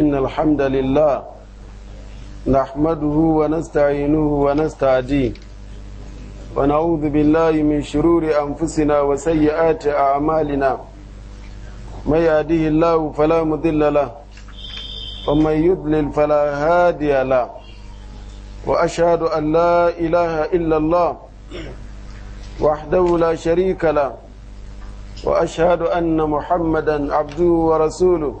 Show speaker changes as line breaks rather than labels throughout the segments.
إن الحمد لله نحمده ونستعينه ونستعديه ونعوذ بالله من شرور أنفسنا وسيئات أعمالنا من يهديه الله فلا مضل له ومن يضلل فلا هادي له وأشهد أن لا إله إلا الله وحده لا شريك له وأشهد أن محمدا عبده ورسوله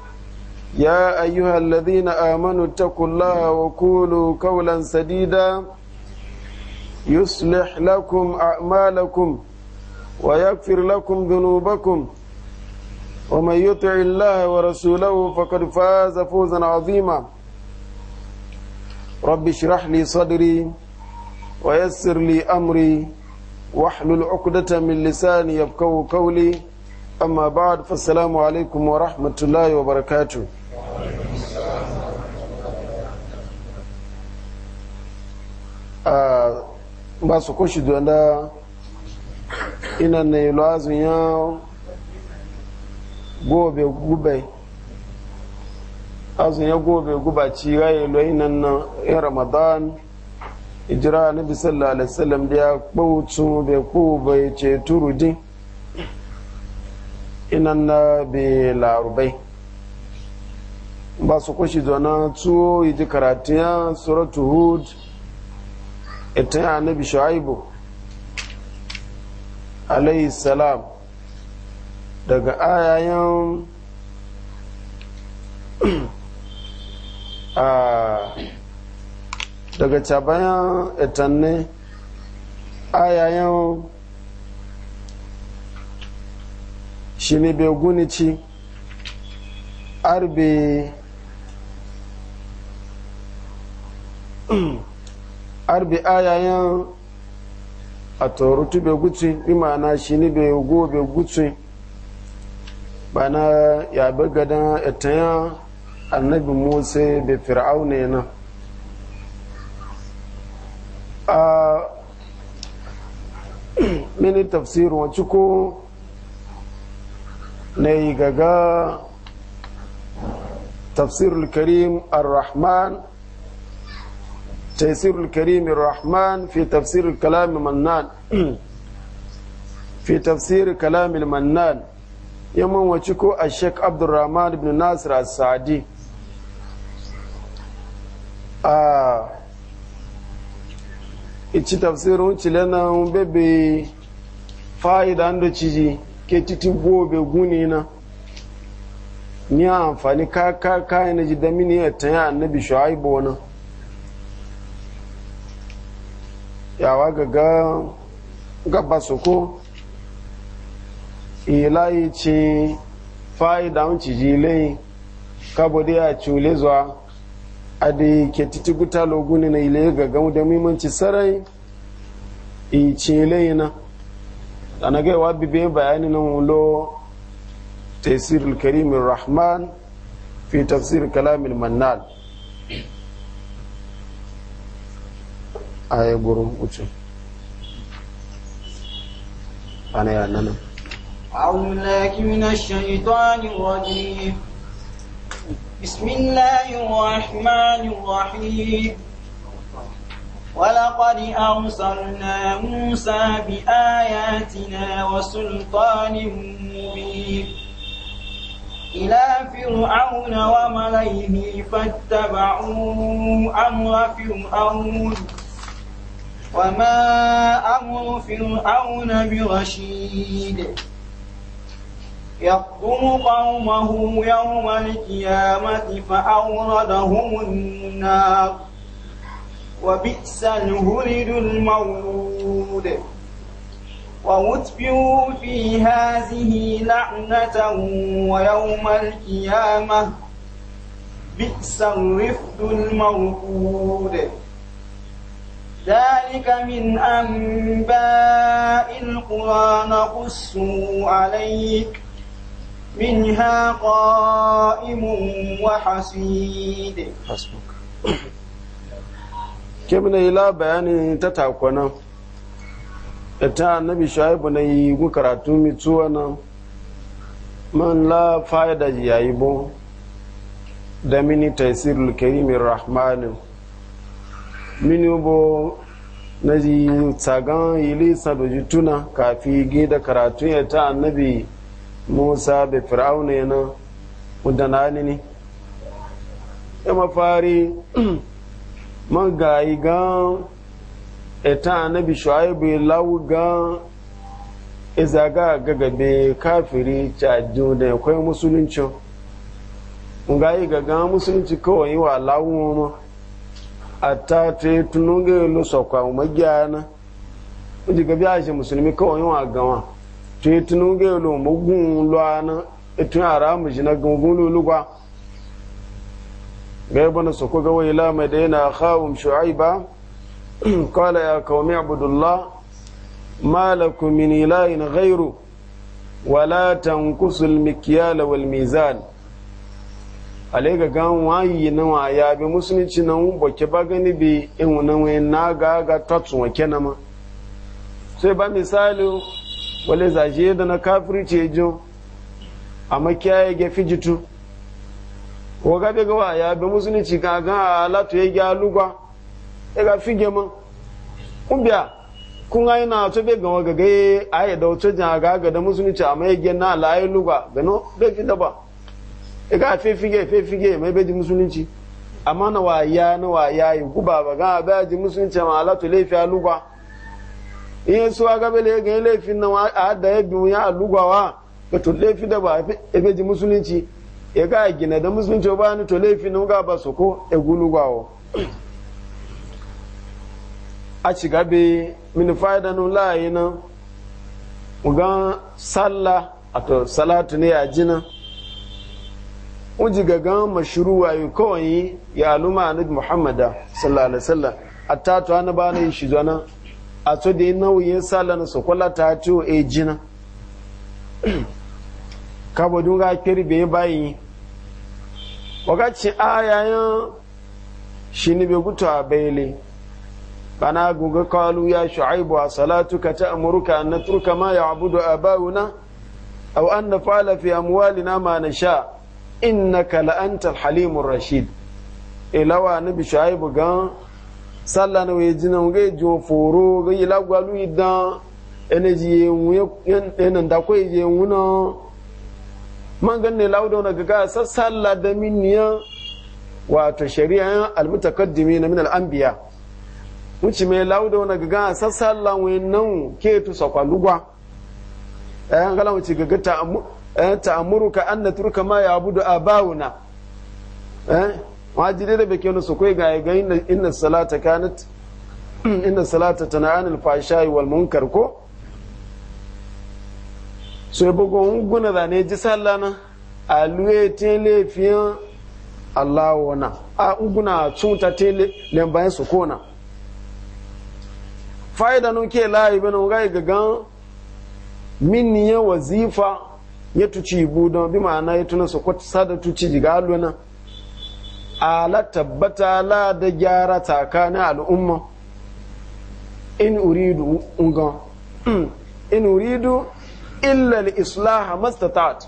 يا أيها الذين آمنوا اتقوا الله وقولوا قولا سديدا يصلح لكم أعمالكم ويغفر لكم ذنوبكم ومن يطع الله ورسوله فقد فاز فوزا عظيما رب اشرح لي صدري ويسر لي أمري واحلل عقدة من لساني يبكو قولي أما بعد فالسلام عليكم ورحمة الله وبركاته ba su kushi da ina na ilu azun ya gobe gube azun ya gobe ci raye ilu inan na in ramadan ijira na bisalla alisalam da ya kpautu da ku bai ce din inan na bai larubai ba su kushi zana tuwo iji karatiya suratu hud ita e ya nabi shu'aibu alayhi salam daga ayayen daga cabayan etanne ayayen shi ne begunici arbe bi ayayen a tauratu bai gutsi imana shi ni bai go bai gutsi ba na yabe gadon etayen annabi musa bai fir'auna yana a mini tafsirin wacce ko na yi gaga tafsirul karim ar-rahman تيسير الكريم الرحمن في تفسير الكلام المنان في تفسير كلام المنان يمن وشكو الشيخ عبد الرحمن بن ناصر السعدي آه ichi tafsirin cilena bebe fa'ida da ciji ke titin gobe guni na ni amfani ka ka ka yana ji da mini ya ta yi annabi shu'aibu wani yawa gaga gaba soko ilayi ci fa'ida un ci jilai kabode a cule zuwa a da ke titi guta loguni na ilayi gaga da muhimmanci sarai i ci ilayi na anaga yawa bibe bayani na wulo tafsir karimin rahman fi tafsir kalamin mannal aye guru uche ana ya nana
أعوذ بالله من الشيطان الرجيم بسم الله الرحمن الرحيم ولقد أرسلنا موسى بآياتنا وسلطان مبين إلى فرعون وملئه فاتبعوا أمر فرعون وما أمر فرعون برشيد يقوم قومه يوم القيامة فأوردهم النار وبئس الهرد المولود وأتبعوا في هذه لعنة ويوم القيامة بئس الرفد الموقود ذلك من أنباء القرى نقصه عليك منها قائم وحسيد
حسبك kemina ila bayanin ta takwana ita annabi shaibu na yi gu karatu mitsuwa na man la fa'ida yayi bon da mini taisirul karimin rahmanin mini bo na ji tsagan ili sadoji tuna kafi gida karatu ya ta annabi musa da fir'auna yana udana ne ya mafari man gan ta annabi shu'aibu lawu gan izaga gagabe kafiri cajo da ya kwaye musulunci ga gan musulunci kawai wa lawu ma ata te etununga elu sokwa umajana ndi ndiga byaje muslimi ko yin agawa te etununga elu mugun lwana etu aramu jina gungun lulugwa ga ibn sokwa ga wayla madaina khawum shuaiba qala ya qaumi abdullah ma lakum min ilahin ghayru tanqusul mikyala wal mizan ale ga gan wayi na wa ya bi musulunci na un boke ba gani bi in na we na ga ga tatsun wa kenan ma sai ba misali wale zaje da na kafirci jo amma kiyaye ga fijitu ko ga daga wa ya bi musulunci ka ga alatu ya ga lugwa ya ga fige ma kumbiya kun ga ina to be ga ga ga ayi da to jan ga ga da musulunci a ya ga na la ayi lugwa ga no be fi da ba e ga fe fige fe fige ebe bai musulunci amma na waya na waya yi k'u ba ga ba ji musulunci ma le fi alugwa iye su aga bele ga laifin na a da ya biyu ya alugwa wa ga to laifi da ba ebe e ji musulunci e ga gina da musulunci ba ni to fi na ga ba su ko e gulugwa wo a ci gabe min fa'ida nu la yi sallah ato salatu ne a jinan uji gagan wa yi kawai ya aluma anid muhammada sallallahu alaihi wasallam atta to ana ba na shi zana a to da nauyin sallah na sokola ta to e jina ka bo dunga kirbe bayi a ayayan shi ne bai gutu a bele bana guga kalu ya shu'aibu a salatu ta amurka an na turka ma ya abudu a bawuna au an na fi amwalina ma na sha innaka la'antar halimun rashid ilawa e nabi shuaibu bugan sallah na waye jinan ga jo foro ga yi lagwalu idan energy yana da ko je wuna man gan ne laudo na ga sa sallah da minniya wato shari'a almutaqaddimi na min al-anbiya wuce mai laudo na ga sa sallah wayan nan ke tu sakwalugwa eh kala wuce ga ta Eh, ta'amuruka an natruka ma ya'budu aba'una eh waji dai da bake su kai ga ga inna salata kanat inna salata tana anil fashai wal munkar ko so e bugo nguna da ne ji sallana na tele fiyan Allah wana a nguna tsunta tele lembayin su kona fa'ida nun ke layi bana ga gagan min ya wazifa ya tuci budon bi ma'ana ya tuna sokot sada tuci jiga aluna ala tabbata la da gyara tsakanin al'umma in uridu ungan hmm. in uridu illa al-islah mastata'at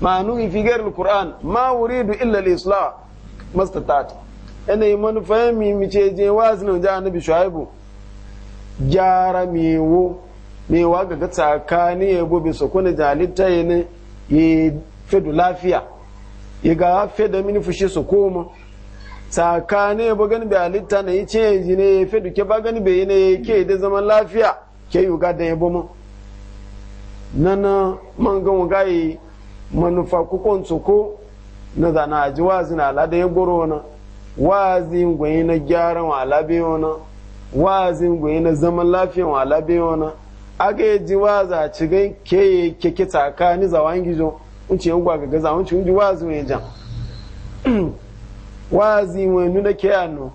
ma nuhi fi ghairi al-qur'an ma uridu illa al-islah mastata'at ina yi manufa mi mi ce je wazin da annabi shuaibu gyara mi wo ne wa ga ga tsakani ya gobe su kuna jalita ya ne ya fedu lafiya ya ga feda mini fushi su koma tsakani ya bagani bai halitta na yi ce ne ya fedu ke gani bai yi ne ya ke da zaman lafiya ke yi ga da ya bomo nana man ga waga yi manufa kukon tsoko na zana aji wazi na alada ya goro wani wazi gwayi na gyaran wa alabe wana wazi gwayi na zaman lafiya wa alabe wana aga ji waza ci gai ke ke ke tsakani za wangi jo unci yan gwa gaza unci unji wazi ne jan wazi Wani nuna ke ano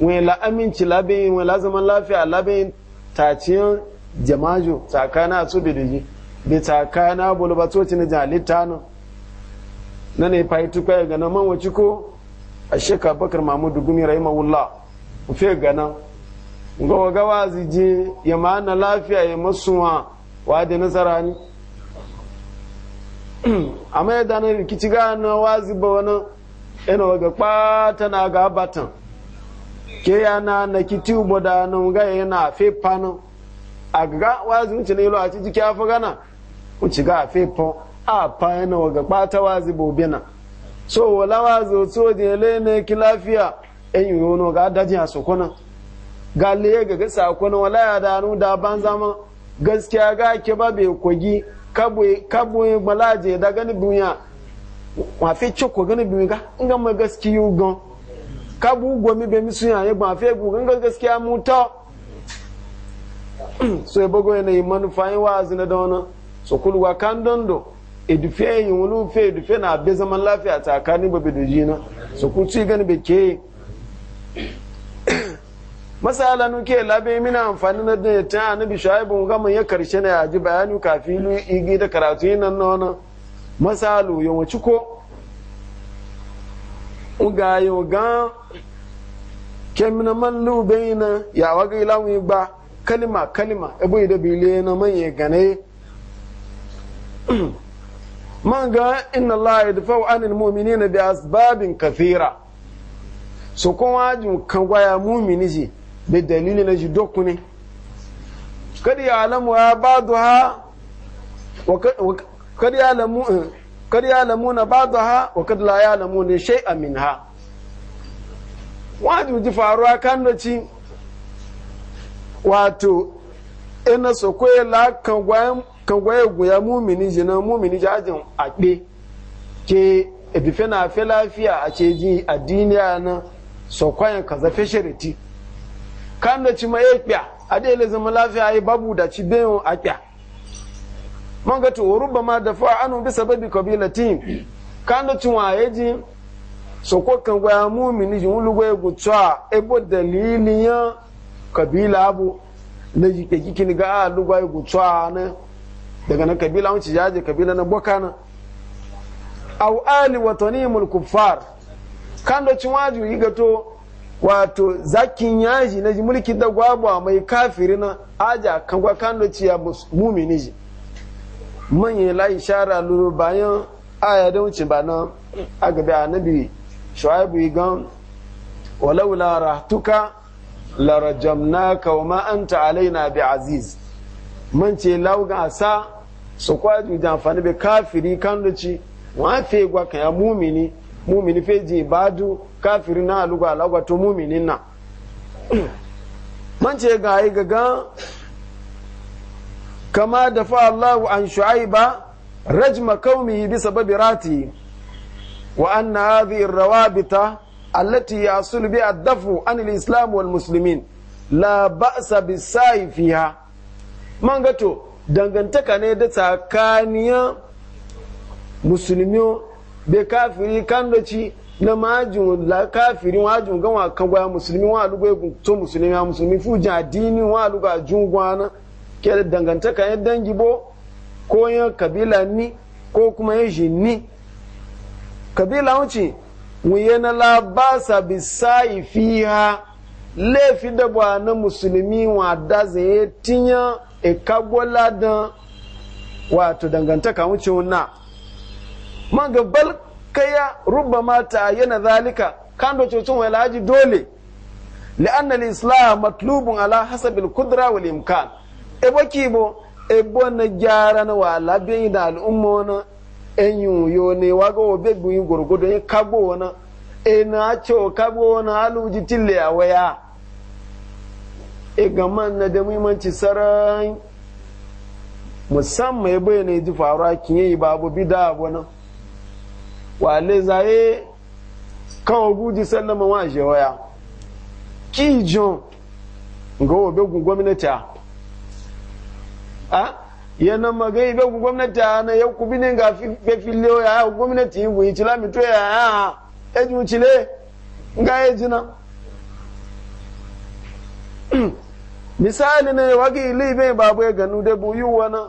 wani la'aminci labin wani lazaman la zaman lafiya labe taciyan jamajo tsakana su da bi tsakana bulbatocin na jalita nan na ne na itu ne ga nan man wace ko a shekar bakar mamudu gumi rahimahullah ku fe ga nan ga waga wazi je ya ma'ana lafiya ya masuwa wa da nasara ni amma ya dana rikici gana wazi ba wani ina waga kpata na ga batan ke yana na kiti ubo da na ga yana fe pano a ga wazi wuce na lo a ciki ya fi gana wuce ga fe pon a pa yana waga kpata wazi na. so wala wazi otu odi ele ne ki lafiya enyi yono ga adajin a sokona galiye ga ga sakon wala ya nu da ban zama gaskiya ga ke ba bai kogi kabo malaje da gani duniya ma fi choko gani duniya ga in ga mai gaskiyu gan kabu gomi mi misu yaye ba fi gu gan gaskiya mu ta so ya bago yanayi na yi wa'azi na da wani so kulwa kan dondo edufe yi fe edufe na abin zaman lafiya tsakanin babi da jina so ku ci gani bai ke masala nuke labe mina amfani na da ta annabi shaibun ga mun ya karshe na yaji bayani kafin igi da karatu nan nono masalu yo wuci ko uga yo ga kemna man lu baina ya waga ilawi ba kalima kalima ebo ida bile na man ya gane man ga inna allaha yadfa'u anil mu'minina bi asbabin kathira so kuma ajin kan gwaya mumini ji bi dalili na ji doku ne kada ya alamu ya ba duha kada ya alamu kada ya alamu na ba ha wa kada la ya alamu ne shai amin ha wajen ji faruwa kan da ci wato ina so koyi la kan gwaye guya mumini jina mumini jajin aɗe ke ebife na fi lafiya a ce ji duniya na so kwayan kaza fi shiriti kan da ci mai zama lafiya ai babu da ci bayan a kya man ga to ruba ma da fa anu bi sababi kabilatin kan da ci waye ji so ko kan gwa mu'mini ji wulu ebo daliliyan kabila abu na ke kikin ga a ah, lugwa gutsa ne daga na kabila wanci yaje kabila na na au ali watanimul kuffar kan da ci waju yi gato wato zakin yaji na mulki da gwabwa mai kafiri na aja kan gwa da ciya mumini ji manyan layi shara luru bayan aya da wuce ba nan a gabi annabi shu'aibu gan walau la rahtuka la rajamnaka wa ma anta alaina bi aziz man ce lauga asa su kwaji da amfani bi kafiri da ci wa fe gwa kan ya mumini mumini feji ibadu kafiri na aluga alagwa to mumini na manche ga yi gaga kama da fa Allah an shu'aiba rajma qaumihi bi sababi rati wa anna hadhihi ar-rawabita allati yasul bi ad-dafu an al-islam wal muslimin la ba'sa bi sayfiha mangato dangantaka ne da tsakaniya musulmi be kafiri kan da ci na majin la kafiri wajin gan wa kan gwaya musulmi wa lugo egun to musulmi ya musulmi fu ja dini wa lugo ajun gwana ke dangantaka ya dangi bo ko ya kabila ni ko kuma ya jinni kabila wuce wuye na labasa sai fiha laifi da na musulmi wa da zai tinya e kagwala dan wato dangantaka wuce na man bal kaya rubba mata yana zalika kan da cocin walaji dole li'an al-islam matlubun ala hasabil kudra wal imkan e baki bo e gyara na wa bin da al'umma na yi yo ne wa obe yi gorgodo yi kagbo na e na wa kagbo na aluji tille a waya e man na da muhimmanci sarai musamman ya bayyana ji faruwa kinye yi babu bida wani wale zaye kan oguji sallama wa je waya ki jo ga obe gun gwamnati a yana magai be gun gwamnati na ya ku bi ne ga be fillo ya gwamnati bu itila mi ya ya e ju chile nga e jina misali ne wagi ile be babu ya ganu da buyu wana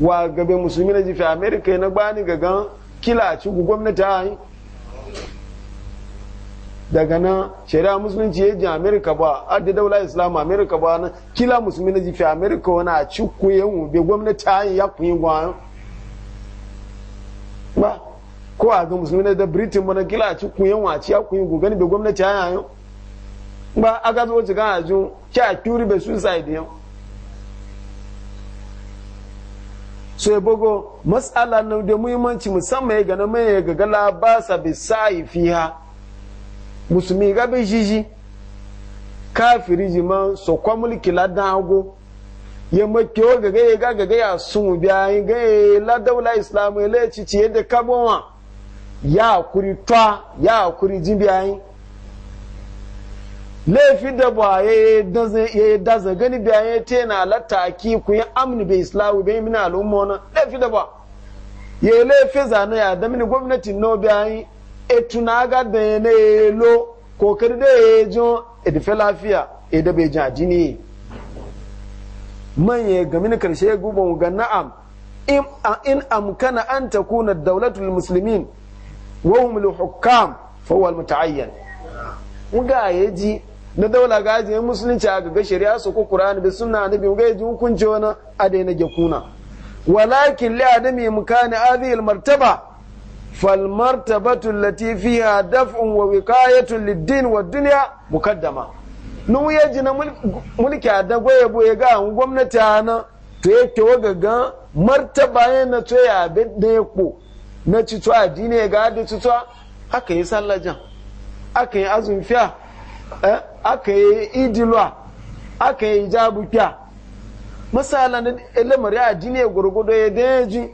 wa gabe musulmi na jifi america na gbani ga gan kila ci ku gwamnati a yi daga nan shari'a musulunci ya ji amerika ba har da daula islam amerika ba na kila musulmi na jifi amerika wani a ci ku yan gwamnati a yi ya kun yi gwanon ba ko a ga musulmi na da britain ba na kila a ci ku a ci ya ku yi gogani gwamnati a yi ba aka zo a gan a jo ki a cure bai suicide yau so ya bugo matsala na da muhimmanci musamman ya gana mai ga gala ba sa bi sa'i fiha musulmi ga bi jiji kafiri jiman so kwa mulki ladan hago ya maki o gaga ya gaga ga ya sun biya yi ga ya ladaula islamu ya laici ciye da kabonwa ya kuri twa ya kuri jin biya yi laifi da ba ya yi daza gani biya ya te na ki ku yi amni bai islawu bai mini al'umma wani laifi da ba ya yi laifi zane ya da mini gwamnatin no biya yi etu na aga da ya na ya lo kokari da ya yi jo edife lafiya ya e da bai ji ajini manye ga mini karshe gubon ga na'am in amkana an takuna daulatul muslimin wa hukam fawal huwa al ya ji na daula ga ya musulunci a ga shari'a su ku kura da suna na ga gaji hukunci wani adaina gekuna walakin li adami imkani hadhihi al martaba fal martabatu allati fiha daf'un wa wiqayatu lid din wa dunya muqaddama nu ya ji na mulki a dagwaye boye ga gwamnati ana to ya yake wagaga martaba yana to ya abin da ya ko na cito addini ya ga da cito aka yi sallajan aka yi azumfiya eh aka yi idilwa aka yi jabu kya masala na lamari a dine gwargwado ya daji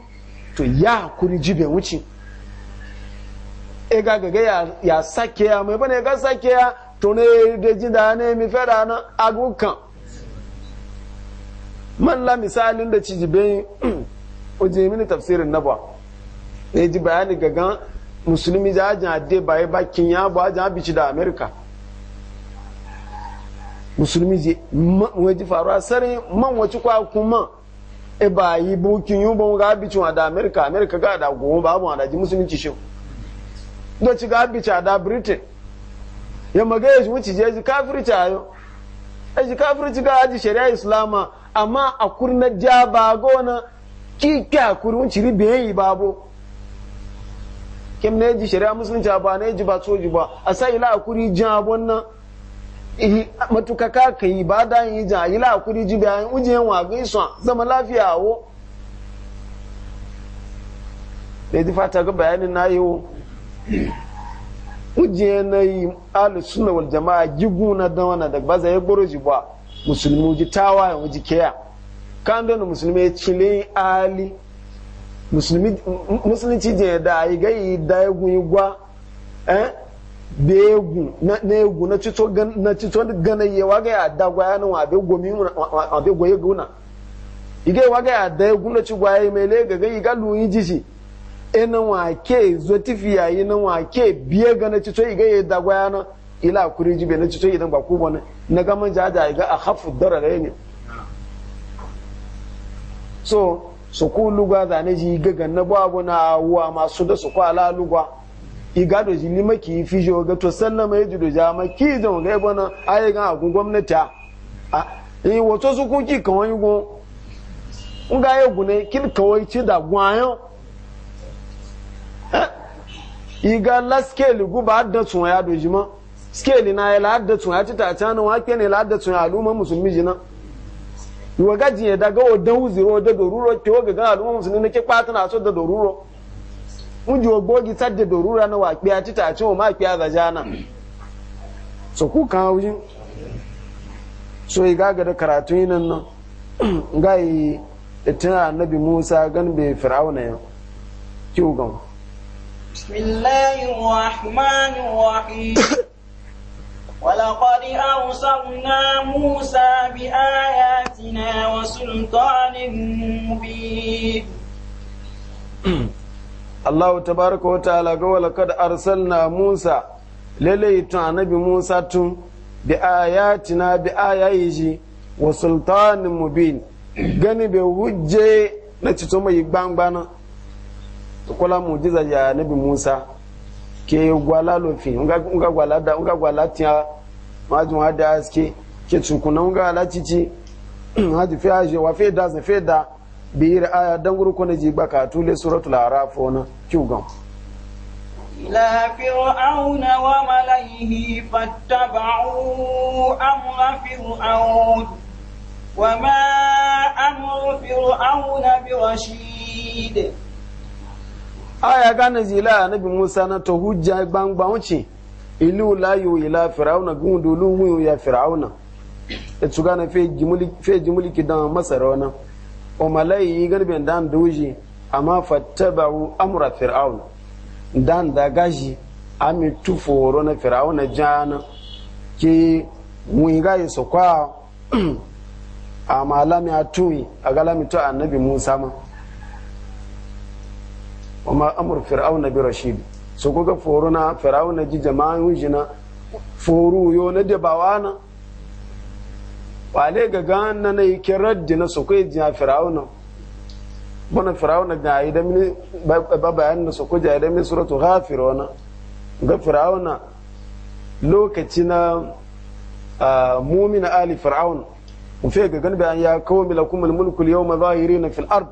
to ya kuri jibe wuce e ga gaga ya sake ya mai bane ga sake ya to ne da ji da ne mi fara na agukan man la misalin da cijibe oje mini tafsirin nabwa na ji bayani gagan musulmi jajin ade baye bakin ya ba jan abici da america musulmi je waje faruwa sare man wace kwa kuma e ba yi bukin yi bon ga bicin a da america america ga da goma ba mu da ji musulunci shi do ci ga bici a da britain ya maga ya wuce je ji kafirci a yau a ji kafirci ga aji shari'a islama amma a kurna ja ba gona kike a kurun ciri biyan e yi babo kim ne ji shari'a musulunci ba ne ji ba soji ba a sa ila a kuri jan abon nan ihi matuka ka ka yi ba da yi ja yi la kuri ji bayan ujiyen wa su zama lafiya wo da ji fata ga bayanin na yi wo ujiyen na yi alu suna wal jama'a gigu na dan wana da baza ya gboro ji ba musulmi ji tawa ya wuji keya kan don musulmi ya cile ali musulmi ci je da yi ga yi da ya gwa eh begu na egu na cito na cito gana ye waga ya da gwaya na wa be gomi wa be goye guna ige waga ya da egu na ci ya mele ga ga iga lu yin jiji ina e wa ke zotifiya tifiya yi na wa ke biye ga na cito iga ye da gwaya na ila kuri jibe na cito idan ba ku bane na ga man jaja iga a hafu dara ga ne so su ku luga zane ji gaga na babu na wa masu da su kwa ala lugwa igado ji lima ki fi jo ga to sallama ya ji doja ma ki zan ga bana ayi ga agun gwamnati a eh wato su kun ki kawai go nga ya gune kin kawai ci da gwayo eh, iga la scale guba da tun ya doji ma scale na ya la da tun ya ci ta tana wa ke ne la da tun al'umma musulmi jina wa gaji ya daga o dan da doruro ke o ga al'umma musulmi ne ke kwatana so da doruro unji wa gogi sadda rura na wa a ci ta wa ma kiya za jana so ku kan haujin so yi gaga da karatu yi nan nan ga yi tana annabi musa gan bai fir'auna yau kiwo gan
ولقد أرسلنا موسى بآياتنا وسلطان مبين
Allah ta baraka wa ta'ala ga walakad arsalna Musa lalle tun annabi Musa tun bi ayatina bi ayayi wa sultanin mubin gani bai hujje na cito mai gbangbana kula mujiza ya nabi Musa ke gwala lofi nga gwala da nga gwala tiya majin hada aske ke tukuna nga ala cici haji fi aje wa fi da zan fi da biyir aya dan guru kone ji ba baka tule suratul araf ona kyugan
ila fir'auna wa malaihi fattaba'u amra fir'aun wa ma amru fir'auna birashid
aya gane zila anabi musa na to hujja gbangba wuce ilu layu ila fir'auna gundu lu ya fir'auna ya e tsugana fe jimuliki dan masarona. umalai yi garbin dan duji amma fattabaru amura fir'aun dan da gaji ami tuforo na fir'auna jana ki mun ga yi sokwa amma lami atui ga lami to annabi Musa ma amma amur fir'auna bi rashid su kuga foro na fir'auna ji jama'an wujina foro yo na dabawana wale ga gana na yake raddi na su kai jiya firawuna bana firawuna ga yi da mini ba bayan da su kai jiya da mini suratu ha firawuna ga firawuna lokaci na mumina ali firawun mufe ga gan bayan ya kawo milakum mulku yi rina fil ard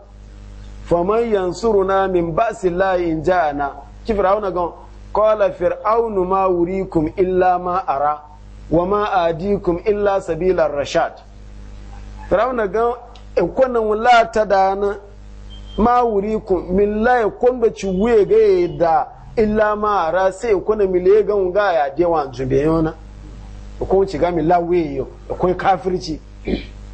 faman runa min ba'si layi in ja'ana ki firawuna gan kola fir'aunu ma wuri wurikum illa ma ara wa ma adikum illa sabilar rashad firawna ga ikwanan wula ta da na ma wuri ku min la ikwan da ci wuye ga da illa ma ra sai mi mile gan ga ya je wa jube yona ikwan ci ga min la wuye yo ikwan kafirci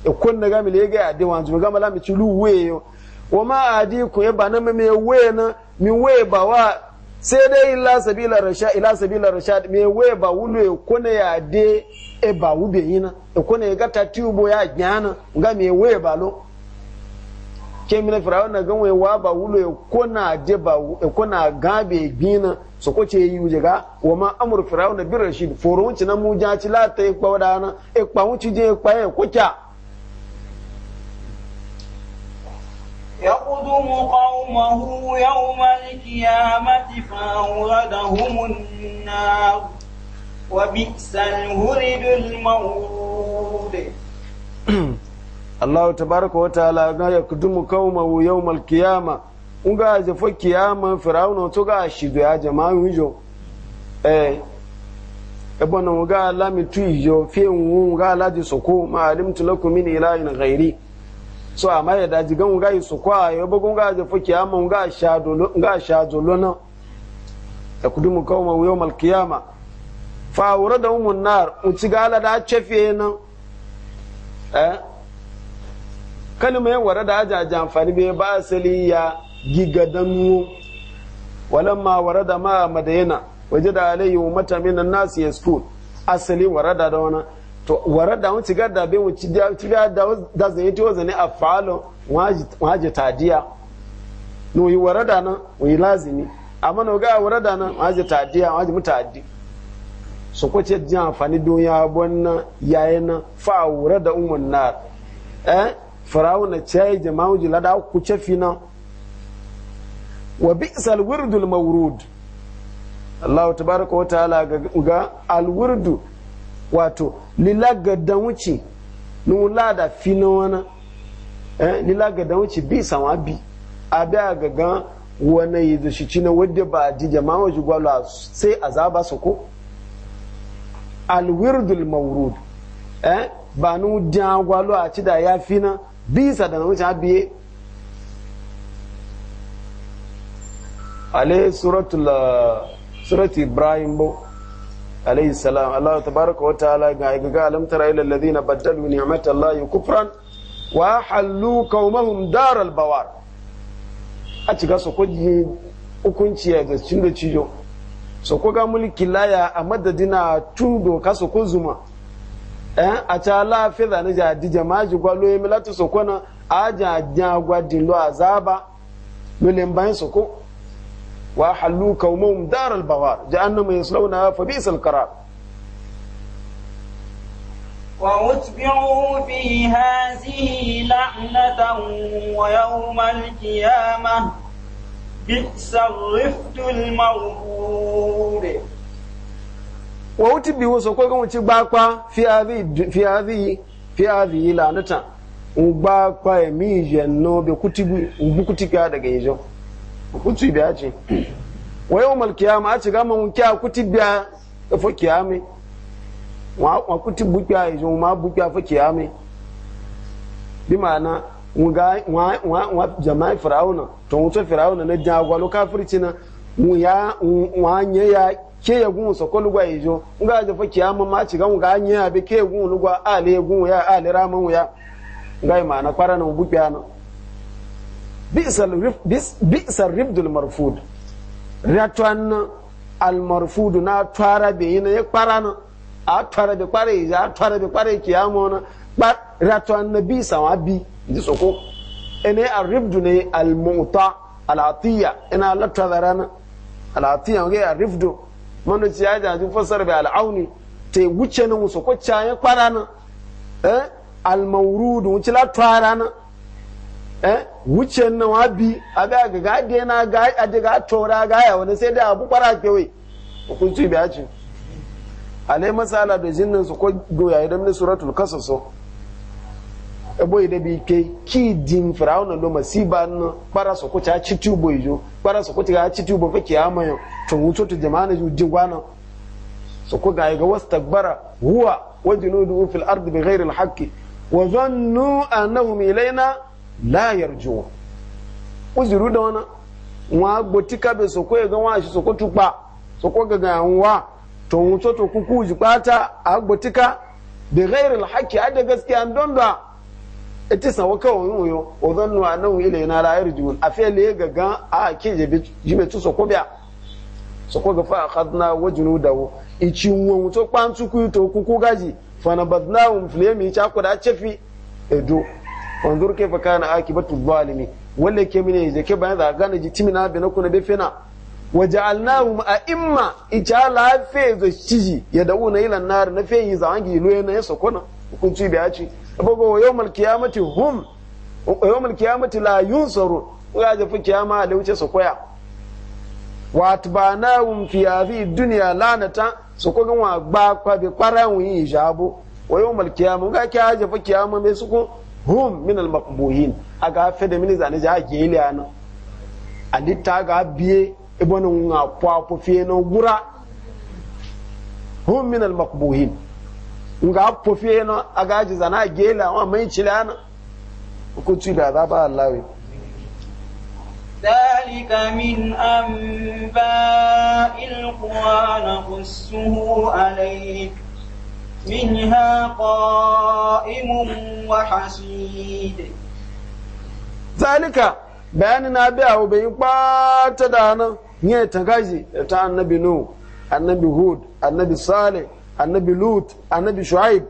ikwan na ga mile ga ya je wa jube ga mala mi ci lu wuye yo wa ma adikum ya ba na me wuye na mi wuye ba wa sai dai ila sabila rasha ila sabila rasha me we ba wulu e kone ya de e ba wube yina e kone gata tubo ya jana ga me we ba lo ke mina firawa na gan wa ba wulu e kona de ba e kona ga gina so ko ce yi uje ga wa ma amur firawuna bi rashid foro wuci na mu ja ci la ta e kwa wadana e kwa wuci je e kwa e kuka
يقدم قومه يوم القيامة فأوردهم النار وبئس الورد المورود
Allah tabaraka wa ta'ala na ya yakdumu qaumahu yawmal qiyama unga ya fa kiyama firauna to ga shi do ya jama'a wijo eh e ga unga mi tu yo fi unga alaji soko ma alimtu lakum min ilahin ghairi so amma da ji gan gai yi su kwa ya bugu ga da fuki amma ga sha dolo ga sha dolo na ya kudumu kauma mal kiyama fa da umun nar uci gala da cefe na eh kalmar wara da ajaji amfani bai ba asali ya gigadanu walamma wara da ma madaina waje da alayhi ummata minan nas yasfun asali wara da da wannan to wara da wani cigar da bai wuci da da zai ta wazane a falo waje tadiya no yi wara da nan yi lazimi amma na ga wara da nan waje tadiya waje mutadi so ko ce jin amfani duniya wannan yayin nan fa wara da umun nar eh na cai jama'u jila lada ku ce fina wa bi'sal wirdul mawrud Allah tabaraka wa ta'ala ga alwurdu. wato lila gadan wuce ni wula da fina wana eh lila gadan wuce bi sama bi abi a gaga wani yi da shi cina wadda ba ji jama'a ji gwala sai azaba su ko alwirdul mawrud eh ba nu jan gwalo a ci da ya fina bisa da wuce biye alai suratul eh, surat ibrahim bo alaihi salam Allah tabaraka wa ta'ala ga ga alam ila alladhina baddalu ni'matallahi kufran wa halu qaumahum daral bawar a ciga su kuji hukunci ga cin da cijo so ko ga mulki laya a madadina tun doka su ko zuma eh a ta lafiza na jadi jama'i gwalo ya milatu so kona a jajja gwadin lo azaba dole bayan su ko وأحلوا كومهم دار البغار جأنهم يصلونها فبئس القرار
وأتبعوا في هذه لعنة wa القيامة بئس الرفد المغرور
wa wuti biyu so ko gamu ci ba kwa fi azi fi azi fi azi ila u ba kwa e je no be kutibu u bu daga yejo hukunci biya ce wa yau kiyama a ciga mun kya kuti biya da fa wa kuti bukiya ma bukiya fa kiyame bi ma'ana wa jama'i firawuna to wuce firawuna na jagwalo kafirci na wa nye ya ke ya gun so kolugwa yi fa kiyama ma ciga nye ya be ke gun lugwa ale gun ya ale ramun ya ma'ana kwara na bukiya na bi'sar ribdul marfud ratuan al marfud na twara be yin ya kpara na a twara be kpara ya a twara be kpara ki ya mo na ratuan na bi sa wa bi ji soko ene al ribdu ne al mu'ta al atiya ina la twara na al atiya ngi al ribdu manu ci ya da fasar be al auni te wuce na musu ko cha ya kpara na eh al mawrud wuce la twara na Eh? wuce na wabi a ga ga gadi na ga a ji ga tora ga ya wani sai da abu kwara kewe hukunci biya ce alai masala da jinnin su ko goya idan ni suratul kasaso ebo da bi ke ki din firawuna lo masiba no para so ko ta chitu bo ijo para so ko ta chitu bo fake ama yo to wuto to jama'a ju gwana so ko ga ga wastakbara huwa wajunudu fil ardi bighairi al haqqi wa na annahum ilayna la yarjuwa uzuru da wani wa gboti kabe soko ya gan washi soko tukpa soko ga gan wa to wuto to kuku ji bata a gboti ka da ghairu alhaqi a da gaskiya don da ita sawa kawai yoyo o zannu annahu ilayna la yarjuun a fe le ga gan a ke je ji me tu soko biya soko ga fa akhadna wa junudahu ichi won to kpantuku to kuku gaji fa nabadnahum fil yami cha ko da chefi edo wanzur na aki batu zalimi walla ke mine je ke bayan da gane jitimi be na kuna waje alnahu a imma ijala lafe zo ciji ya na ila nar na fe yi zangi loye na yasa kuna hukunci bi aci bago yawmal qiyamati hum yawmal qiyamati la yunsaru ya jafi kiyama da wuce su koya wa atbanahum fi hadhihi dunya lanata su ko gan wa gba kwa bi para wun yi jabo wa yau qiyamah ga kya je fi kiyama mai su ko hum min al maqbuhin aga fe mini zane ja gele an alita ga biye ibonu nga kwa po fie no gura hum min al nga po fie no aga ji zana gele an mai chilana ku tu da ba Allah
ذلك من أنباء القرآن نقصه عليك منها قائم وحسيد
ذلك بيان نبي أو قات دانا نيه تغازي تا النبي نو النبي هود النبي صالح النبي لوط النبي شعيب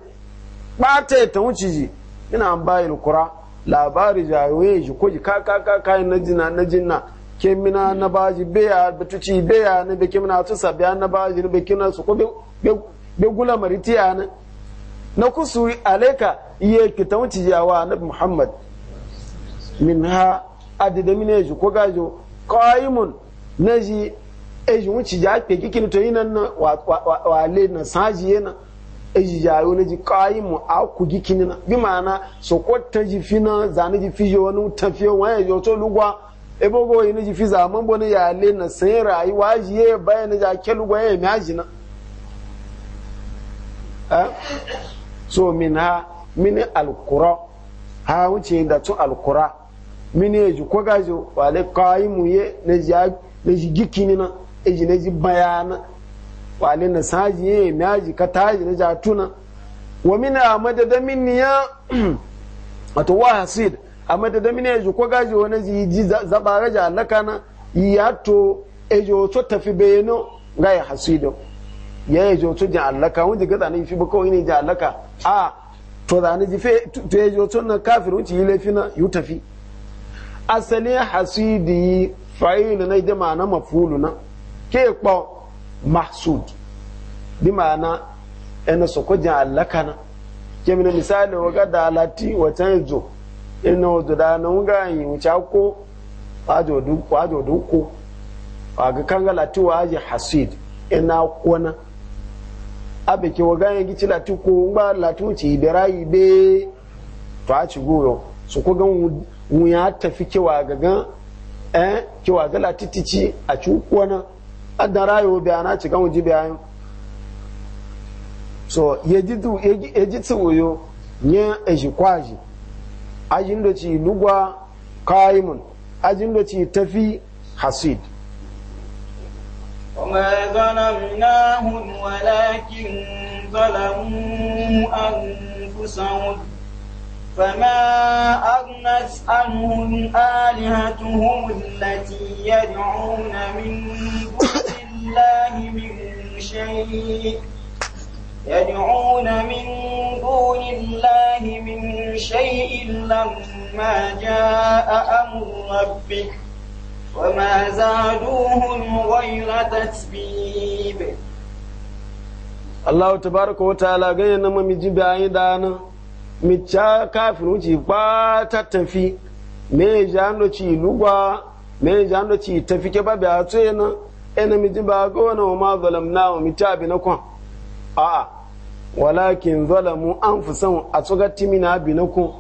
قات ta ina an bayi kura labari jayoye shi koji ka ka ka kayan na jina na jinna kemina na baji beya batuci beya na bekimina tusa beya na baji na bekina su ko be gula mariti na kusu alaika iye kitan ciyawa muhammad min ha adida mine ji ko gajo qaimun naji eji wuci ja ke kikin to yinan na wa le na saji yana naji qaimu a ku gikin na bi so ko ta ji fina zani ji wani wani to lugwa e bogo yi fi zaman ya le na sai rayuwa ji ye bayan lugwa ya mi ajina na so min ha mini alkura ha wuce da tun alkura mini ya ji kwagajo wale kawai mu ye na ji gikini na eji na ji e bayana wale na saji ye mi ji ka taji na jatuna wa mini a madada mini ya wato wa hasid a madada mini ya ji kwagajo wani ji zabara jalaka na yi ya to eji wato tafi bayano ga ya hasido ya jo to ja allaka wanda ga zane fi bako ne ja allaka a to zane ji fe to ya jo na kafir wuce yi laifi na yu tafi asali hasidi fa'ilu na da ma'ana mafulu na ke kpa mahsud bi ma'ana ina so ko ja allaka na ke mina misali waga da alati wata ya jo ina wato da na wunga yi wuce ko wajo wa waga kangala tiwa aji hasid ina kona abeke wa ganyen gici latu ko ngba latu ci da rayi be to a ci goyo su ko gan mu ya tafi kewa ga gan eh wa ga latitici a ci kona adan wa bi ana ci gan wuji bi ayo so ye jitu yeji jitu oyo nye eji kwaji ajin do ci lugwa kaimun ajin do ci tafi hasid
وما ظلمناهم ولا ظلموا أنفسهم فما أغنت عنهم آلهتهم التي يدعون من دون الله من شيء يدعون من دون الله من شيء لما جاء أمر ربك وما زادوهم غير تتبيب
allahu tabaraka wa ta'ala ga yana mamiji mi jibe yi dana mi cha kafiru ci ba ta tafi me jando ci lugwa me jando ci tafi ke ba ba to yana ena miji ba ga wani wa ma na wa mi bi na kwan a a walakin zalamu tsoga timi na bi na kwa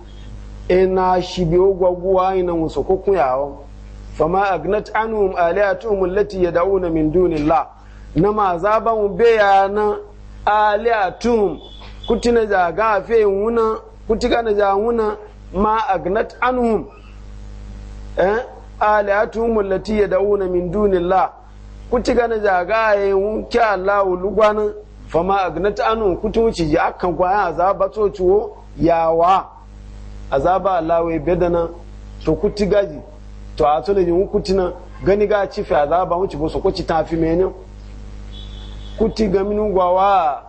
ina e shibi ogwagwa ina musu yawon fama agnat anhum ya allati yad'una min dunillah nama zaban beya na aliyatuhum kutina za fe wuna kutika na za wuna ma agnat anhum eh aliyatuhum allati yad'una min dunillah kutika na za gaye wun kya Allah fa ma agnat anhum kutuci ji, kan kwaya azaba to ciwo yawa azaba Allah we bedana to kutigaji to a to ne kutina gani ga fa azaba wuce bo so ko ci tafi menin kuti ga minu gwawa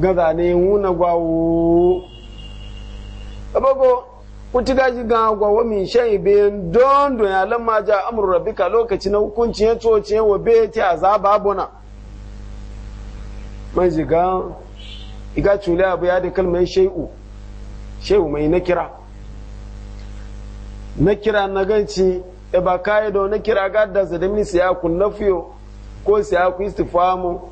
gaza ne wuna gwawo abago kuti gaji ga gwawo min shayi bayan don don ya lamma ja amur rabbika lokaci na hukunci ya tsoce wa be ta azaba bona man jiga iga cule abu ya da kalmar shai'u shai'u mai nakira nakira na ganci e ba kai da nakira ga da zadamin siya kun nafiyo ko siya ku istifamu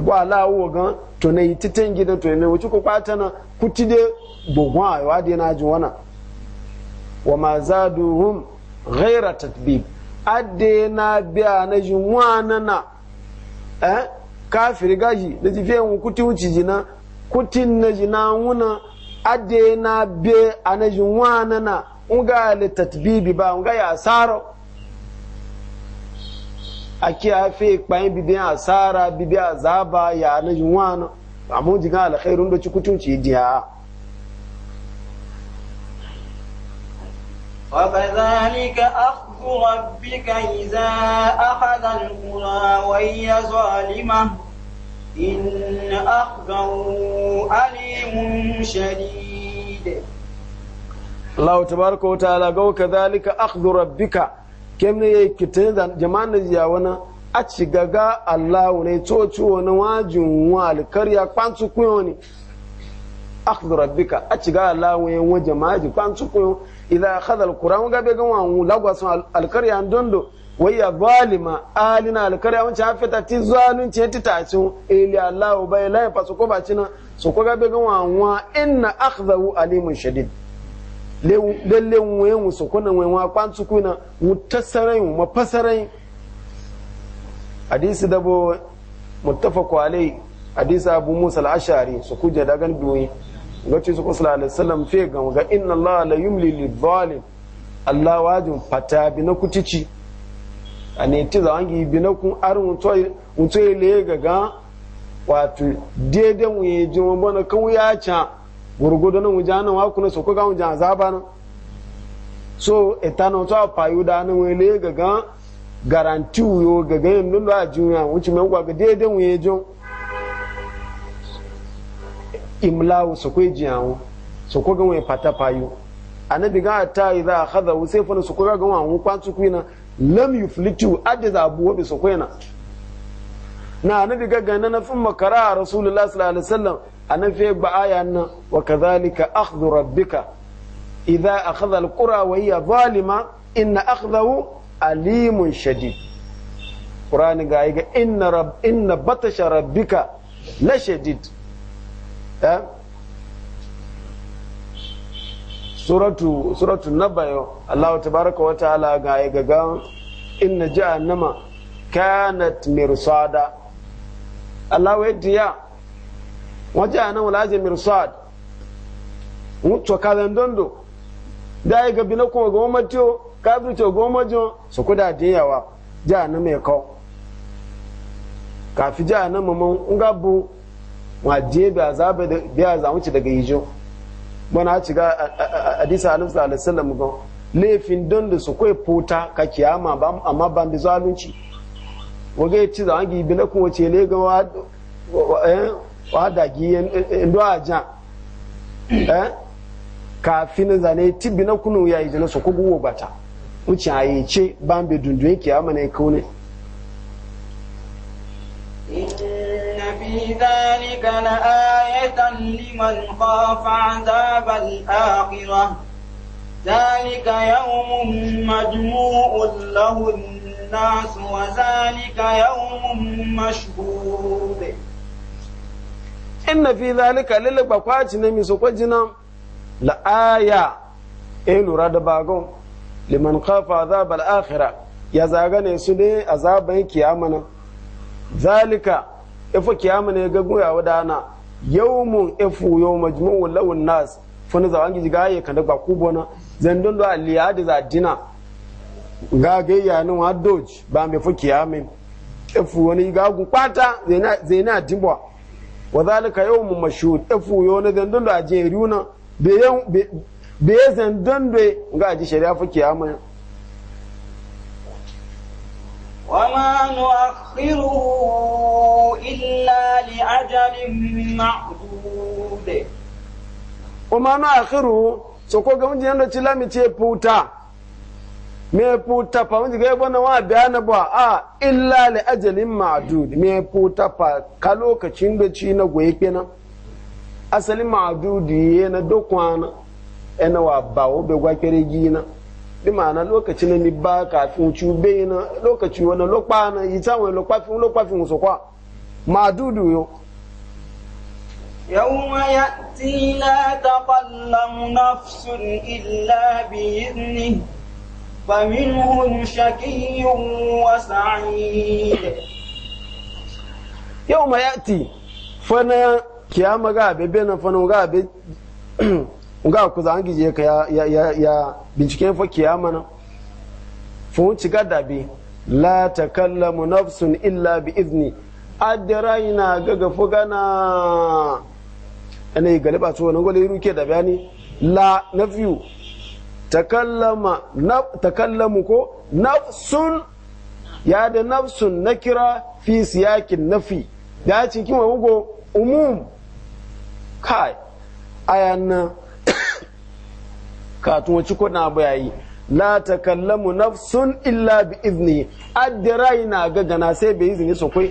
ba alawo gan to na yi titin gidan to ne wuci ko kwata na kuti de gbogbo a yawa de na ji wana wa ma za duhun ghaira tatbib adde na biya na ji wana na eh kafiri gaji da ji fiye wa kuti wuci ji na kutin na ji na wuna adde na biya a na ji wana na nga le tatbibi ba ga ya asaro ake hafe kpayin bibiyan asara bibiyan azaba ya na wani amma jigan alkhairun da cikutunci diya
وكذلك أخذ ربك إذا أخذ القرى وهي ظالمة إن أخذه أليم شديد
الله تبارك وتعالى قال كذلك أخذ ربك kemne ye kitin da jama'an na jiya wani a ci gaga allahu ne to ci wani wajin wa alkarya kwanci kuyo ne akhdhu rabbika a ci gaga allahu ne wa jama'a ji kwanci kuyo idan akhadha alquran ga be ga wa lagwasan alkarya dondo waya zalima alina alkarya wancan hafita ti zalunci ti tashin ili allahu bai layin fa su ko ba cina su ko ga be ga wa inna akhdahu alimun shadid lele wuyen wusa kuna wuyen wa kwanci kuna wuta sarai mafa sarai hadisi dabo mutafa kwalai hadisi abu musa al'ashari su kuje da gan duyi gaci su kusa alaihi salam fe ga ga inna allah la yumli lil zalim allah wajin fata bi na kutici a ne ti zawangi bi na kun arun wuto ile ga ga wato daidai wuyen jin wani kawai ya can gurgudu na wujan na wa kuna soko ga wuja azaba na so etano to apa yuda na wele gaga garantiu yo gaga yin lulu a juya wuce mai gwa ga daidai wuye jo imlawo soko jiyawo soko ga wuye pata payu annabi ga ta idza akhadha usayfun soko ga wa wu kwantu kuina lam yuflitu adiza abu wa bi soko yana na annabi ga ga na fun makara rasulullah sallallahu alaihi wasallam أنا في بآية أن وكذلك أخذ ربك إذا أخذ القرى وهي ظالمة إن أخذه أليم شديد قرآن قايق إن رب إن بطش ربك لشديد أه؟ suratu suratu nabayo Allah tabaraka wa ta'ala ga ya gaga inna jahannama kanat mirsada Allah wai diya wajen a nan walaje mirsad wuce kazan dondo da ya gabi na kuma goma tiyo kafin tiyo goma daga yijo bana a ciga hadisa alaihi sallallahu alaihi ga don da su kai fota ka kiyama ba amma ban da zalunci wage ci za an gibi na kuma wadagiye ndoaja eh ka fini zane tibi na kunu ya yi jana soko buwo bata uchi ayi che bambe dundu yake amana e kone
inna bi zalika la ayatan liman khafa azabal akhirah zalika yawmun majmu'un lahu an-nas wa zalika yawmun mashhud
inna fi zalika lil ba kwaci na miso ko jina la aya e lura da bagon liman khafa azab al akhirah ya zaga ne su ne azaban kiyama na zalika ifo kiyama ne ga goya wadana yawmun ifu yawm majmu'u lawun nas fani zawangi ga ya kan da ba kubona zandon da aliyadi za dina ga ya nan wa doj ba mai fu kiyama ifu wani gagun kwata zai na dimba wa zalika yawmun mashhud afu yo ne dan dondo aje riuna be yan be zan dondo ga aji shari'a fa kiyama
wa ma nu'akhiruhu illa li ajalin ma'dud wa ma
nu'akhiruhu so ko ga mun je ndo ci lami ce puta me puta pa ndị ga bana wa bayana bụ a illa li ajalin ma'dud me puta pa ka lokacin ndị ci na na asali asalin ma'dud ihe na dokwana ena wa ba wo be gwa kere gina bi ma'ana na ni ba ka fun ci be na lokaci wona na pa na yi tawon lo pa fun lo pa fun so kwa ma'dud
yo يوم يأتي لا تقلم نفس إلا بإذنه فمنهم شكي وسعيد يوم
يأتي فنا kiyama ga abe فنا fana ga ku za an gije ka ya binciken fa kiyama na fun ci gada bi la takallamu nafsun illa bi izni adraina gaga fugana ne galiba to nan gole ke da bayani la nafiyu takallamu ko nafsun ya da nafsun na kira fi siyakin nafi da ya cikin wa mugo umum kai ayan nan katun wacce kuna bayayi la takallamu nafsun illa bi izni addiraina na gagana sai bai izini su kwai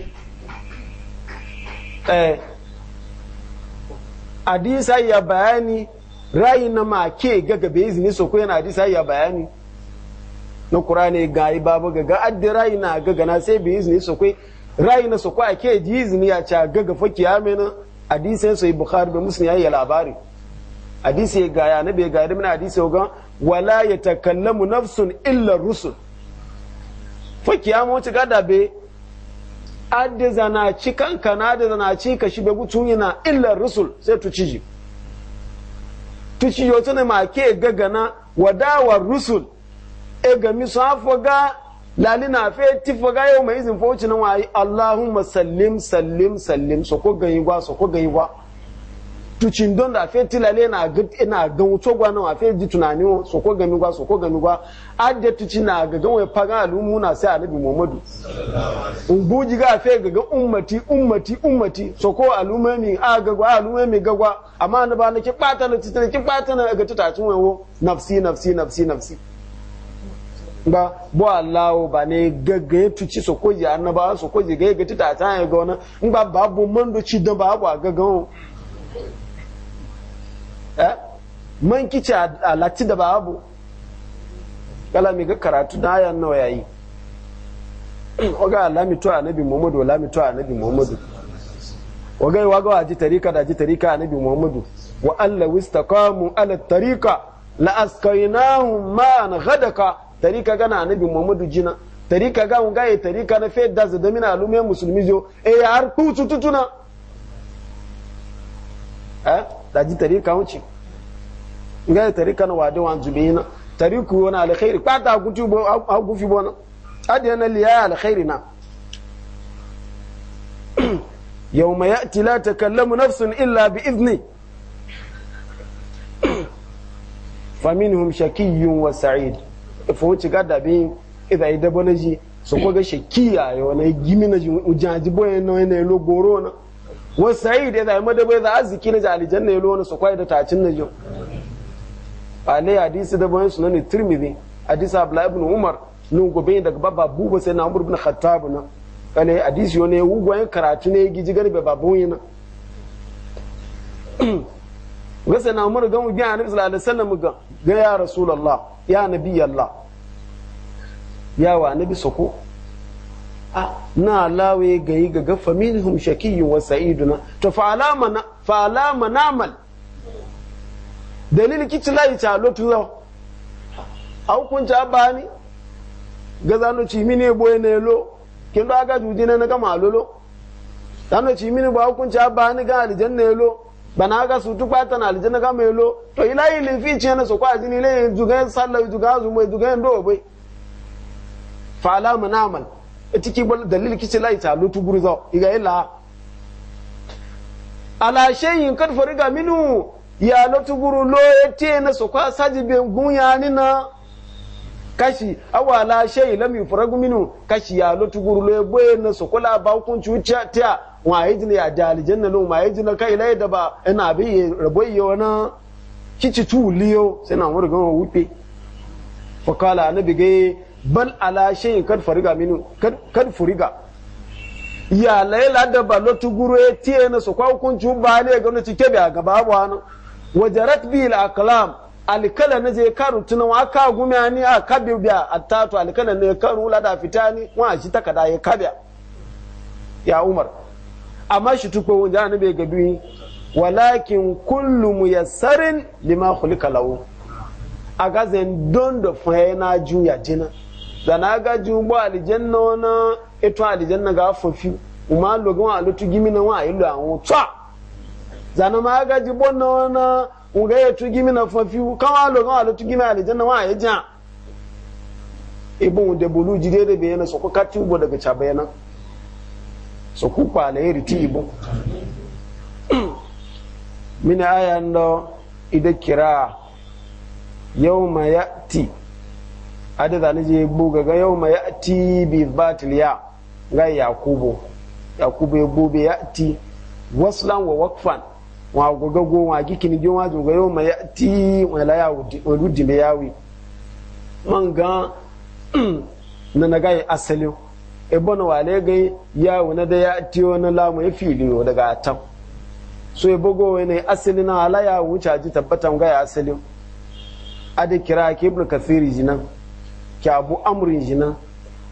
eh adisa ya bayani rayi na ma ke gaga bai izini so ko yana hadisa ya bayani na qur'ani ga yi babu gaga addi rayi na gaga na sai bai izini so ko rayi na so ko ake ji izini ya ca gaga fa kiyamena hadisi sai bukhari da muslim yayi labari hadisi ya gaya na bai gaya mana hadisi ga wala ya takallamu nafsun illa rusul fa kiyama wace gada be adda zana ci kanka na da zana ci ka shi be gutun yana illa rusul sai tu ciji tuci yo tuna ma ke gagana wadawar rusul e ga mi safo ga lalina fe ti foga yau mai izin fo na wa allahumma sallim sallim sallim so ko ganyi gwa so ko ganyi gwa tucin don da fe tilale na ga ina ga wuto gwa na fe ji tunani wo so ko gami gwa so ko gami gwa adde tuci na ga ga wai pagan alumu na sai annabi muhammadu ubuji ga fe ga ga ummati ummati ummati so ko alumami a ga gwa alumami ga gwa amma na ba na ki bata na titin ki bata na ga tutatun wo nafsi nafsi nafsi nafsi ba bo Allah ba ne gaggaye tuci so ko ji annaba so ko ji ga ga tutatan ga wannan in ba babu mando ci dan babu ga gaggawo Eh? man kici a lati da babu kalami ga karatu na ayan nawa yayi oga lami to anabi muhammadu lami to anabi muhammadu waga waga waji tarika da ji tarika anabi muhammadu wa alla wistaqamu ala tarika la askainahum ma'an ghadaka tarika gana anabi muhammadu jina tarika ga unga e tarika na fe da mina alume musulmi jo e har tutu tutuna eh da ji tarika wuce ga tarika na wadin wanzu bai tariku wani alkhairi kwata gutu bo a gufi bo na liya alkhairi na yau mai ya'ti la takallamu nafsun illa bi izni faminhum shakiyyun wa sa'id wuce bi idan idabo so ko ga na ji ujaji boye logoro na wasa'id ya zai madabai za arziki na jali janna ya lona su kwai da tacin na yau a ne hadisi da bayan sunan tirmidhi hadisi abdullahi ibn umar nun gobe daga babba buba sai na umar ibn khattab na kane hadisi yau ne ugwayen karatu ne giji garbe babun yana gasa na umar gan a annabi sallallahu alaihi wasallam ga ya rasulullah ya nabiyallah ya wa annabi sako A na lawe ga yi gaga faminhum shakiyyu wa sa'iduna to fa alama namal dalil kici layi ta lotu zau au kun ta bani ga zano ci mini boye ne lo kin do aga juji na ga malolo zano ci mini ba kun ta bani ga aljanna lo bana ga su tu kwata na aljanna ga mai lo to ilahi lin fi ci na so kwa jini le jugan sallah jugan zu mai jugan do bai fa alama namal etiki bol dalil kici la ita lutu gurzo iga ila ala shay'in kad fariga minu ya lutu guru lo ete na so kwa saji be gunya ni na kashi awa la shay'in lam faragu minu kashi ya lutu guru lo ebe na so kula ba hukunci wuciya ta wa yajina ya dalijanna lo ma yajina kai lai da ba ina bi rabo raboyo na kici tuliyo sai na wurgan wupe fakala nabi gai bal ala shay'in kan fariga minu kan furiga ya laila da balotu guru e tie na so kwa hukunci ba ne ga cike bi a gaba abu no wajarat bi al aqlam alkala na je karu tunan wa aka gumi ani a kabi biya attatu alkala ne karu la da ni, wa shi takada ya kabi. ya umar amma shi tuko wanda annabi ga biyu walakin kullu muyassarin lima khuliqa lahu a gazen don da fa juya jina zana agaji ugbo alijanna ona eto alijanna ga fofi uma logo wa lutu gimi na wa ilu awon tsa zana ma agaji bonna ona uga etu gimi na fofi ka wa logo wa lutu gimi alijanna wa eja ibun de bulu jide de be so ko kati ugbo daga cha soko so kwa na iri ti ibo min ayan do ida kira yawma ya'ti ada zane je buga ga yau ma ya'ti bi batil ya ga yakubu yakubu ya gobe ya'ti waslan wa waqfan wa goga go wa gikini jo wa ga yau ma ya'ti wa la ya wudi me yawi man ga na na ga asali e bona wale ga ya wuna da ya'ti wa na lamu ya fili daga tan so ya e bugo ne asali na ala ya wuce ji tabbatan ga ya asali ada kira ke ibn kathiri jinan ki abu jina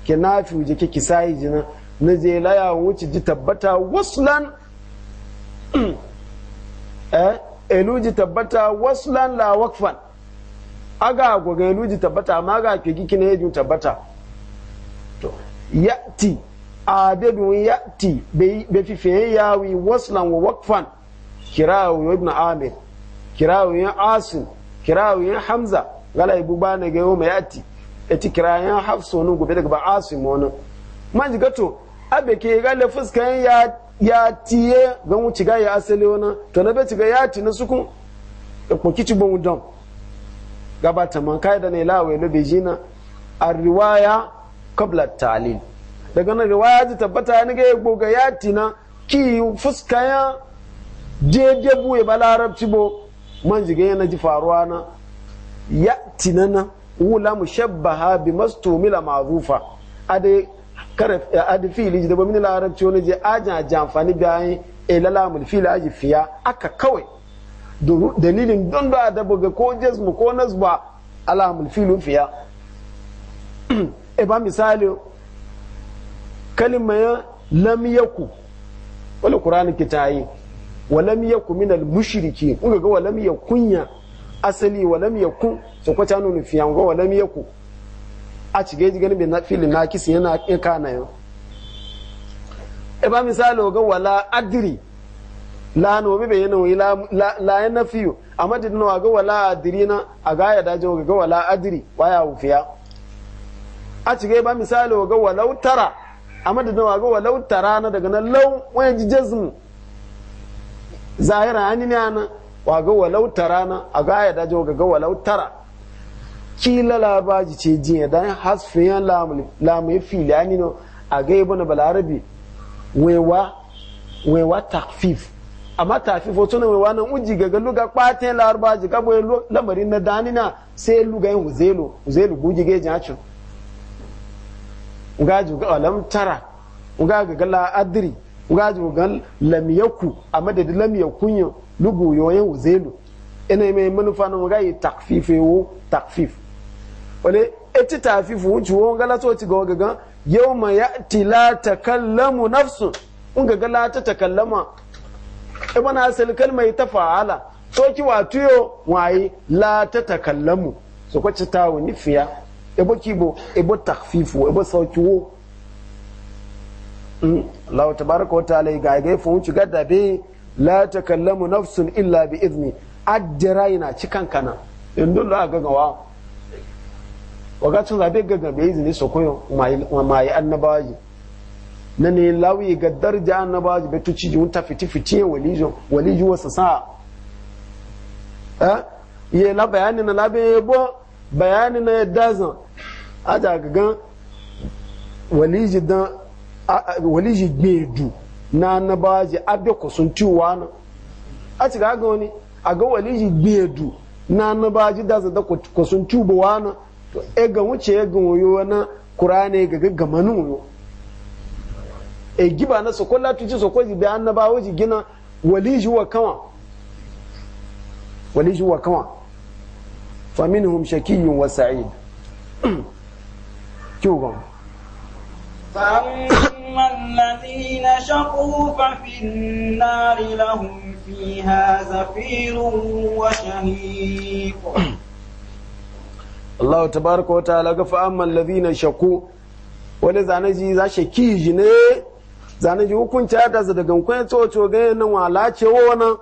ki nafi je ki kisayi jina na je laya wuce ji tabbata waslan eh ji tabbata waslan la wakfan aga elu ji tabbata ma ga ke giki ne ju tabbata to yati adedun yati be fife yawi waslan wa wakfan kirawo ibn amir kirawo asim kirawo hamza gala ibu bana ga yau mai yati eti kirayen hafsu wani gobe daga ba wani man gato, abe ke gale fuskan ya ya tiye ga wuce ga ya asali wani to na beti ga ya ti na sukun e kukici bon don gabata man kai da ne lawe lobe na. a riwaya kabla talil daga nan riwaya ji tabbata ni ga goga ya ti na ki fuska ya daidai buye ba larabci bo man gaya yana ji faruwa na ya ti na na wula mushabbaha bi mastumila ma'rufa ade karaf ade fili da ba larabci wani je ajan jamfani bayan ilala e mul fili aji fiya aka kawai dalilin don da da ga ko jazmu ko nasba ala mul filu fiya e ba misali kalimaya lam yaku wala qur'ani kitayi wa lam yaku min al mushrikin kuga ga wa lam yakunya asali walam yaku so kwata fiyan fiyango walam yaku a cige ji ganin na fili na kisi yana kana yau e ba misali ga wala adiri la no be yana wi la la na fiyo amma din no ga wala adiri na a ga ya dajo ga wala adiri waya ufiya a cige ba misali ga walau tara amma din no ga walau tara na daga nan lau wani jazmu zahira hanini ana wa ga walau tara na a ga ya dajo ga walau tara kila labaji ce jiya dan ya lamu fili ani no a ga ibn balarabi wewa wewa takfif amma takfif wato na wewa nan uji ga luga kwatin larbaji ga boye lamarin na danina sai luga yin huzelo huzelo guji ga jacin uga ju ga alam tara uga ga la adri uga ju ga lam A amma da lam yakun lugu yoyen uzelu ina mai manufa na mugayi takfife wo takfif wale eti tafifu wuce wo gala so ci gawa gaga yau ma ya tila takallamu nafsu in ga gala ta takallama ibn asal kalma ta fa'ala so ki wa tuyo wayi la ta takallamu so ko ci tawo ni fiya bo kibo ebo takfifu ebo sauki wo mm. Allah tabaraka wa ta'ala ga ga fu wuce gadabe la takallamu nafsun illa bi izni addira yana cikan kana in dole a gagawa wakacin zabe gaga bai izini su koyo mai annabaji na ne lawi ga darja annabaji bai tuci ji ta fiti fiti walijo walijo wasu sa eh ye la bayani na labe bo bayani na yadda zan a jagagan waliji dan waliji gbedu na annabawa ji abe ku sun wa na a ci ga wani a ga waliji gbedu na annabawa ji da zada ku sun ciwa wa na to e ga wuce e ga wayo na kurane ga gaggamanin wuyo e giba na sokola tuci sokoji bi annabawa ji gina waliji wa kama waliji wa kama faminhum shakiyyun wa sa'id kyau
فأما الذين شقوا ففي النار لهم فيها زفير وشهيق
الله تبارك وتعالى ta'ala ga fa'amman lazina shaku wani zanaji za shi ji ne zanaji hukunci ya tasa daga kwanye coco ga yanin wala ce wani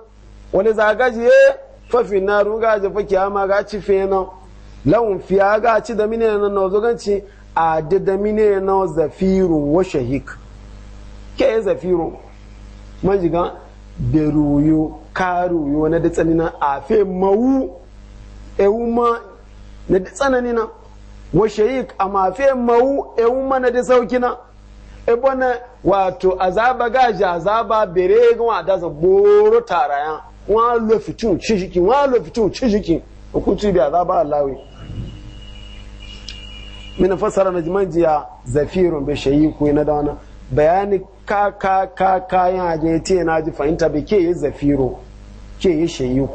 wani zagaji ya fafi na ruga ji fa kiyama ga ci fe nan lawan fiya ga ci da mine nan na zo ganci a dadamine na zafiru wa shahik ke zafiru majigan da ruyo ka ruyo na da tsanina a fe mawu ewuma na da tsananina wa shahik a fe mawu ewuma na da saukina ebona wato azaba gaji azaba bere ga wa da zaboro tarayan wa lo fitu chijiki wa lo fitu chijiki hukunci bi azaba alawi mina fasara na jiman jiya zafirun bai shayi ko na da bayani ka ka ka kayan aje ce na ji fahimta ke zafiro ke yi shayi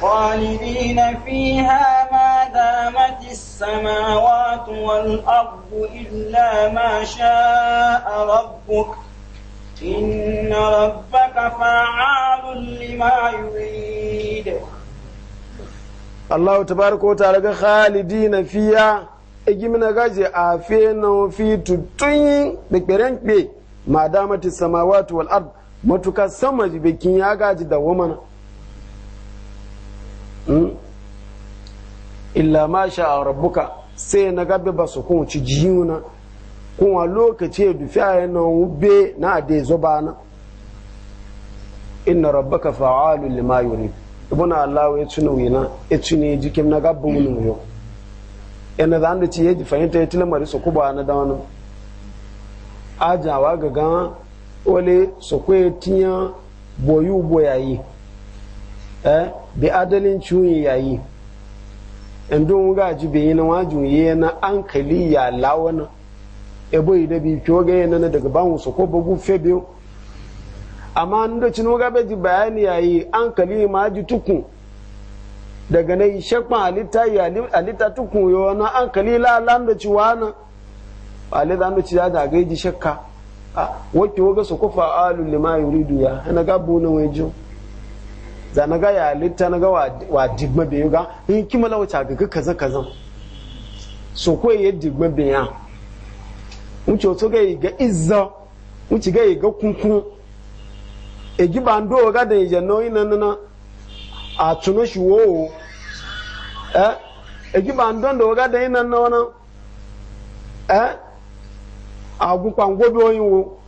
خالدين فيها ما دامت السماوات والأرض إلا ما شاء ربك إن ربك فعال لما يريد
allahu tabaraka wa ta'ala ga khalidina fiya igimina e gaje a fe na fi tutun da kpe ma samawati wal ard matuka sama bikin ya gaji da wamana hmm? illa ma sha a rabbuka sai na gabe ba su kun ci jiyuna kuma lokaci ya dufi a yana wube na ade zuba na inna rabbaka fa'alu lima yurid ibuna Allah ya tuna wina ya tuna jikin na gabbin wani yau yana za da ce ya ji fahimta ya tilamari su kuba na da wani ajawa ga gan wale su kwaye tiya boyu yi eh bi adalin ciwon ya yi don ga ji bai yi na wajin yi na an kali ya lawana ebo ida bi kyo ga yana daga ban su ko bugu fe amma da cinu gabe ji bayani yayi an kali ma ji tukun daga nai shakpan alita yi alita tukun yi wani an kali la lando ci wana ale da ndo da da gaji shakka a wakil waga su kufa alu lima yuridu ya na ga bu na wejo za na ga ya alita na ga wa digma biyu ga yi kima la a ga kaza kaza so ko ye digma be ya wuce wato ga ga izza wuce ga ga kunkun egi ba ndo ga da je no ina na a tuno shi wo eh egi ba ndo ndo ga da ina na wana eh agun pa ngo bi oyin wo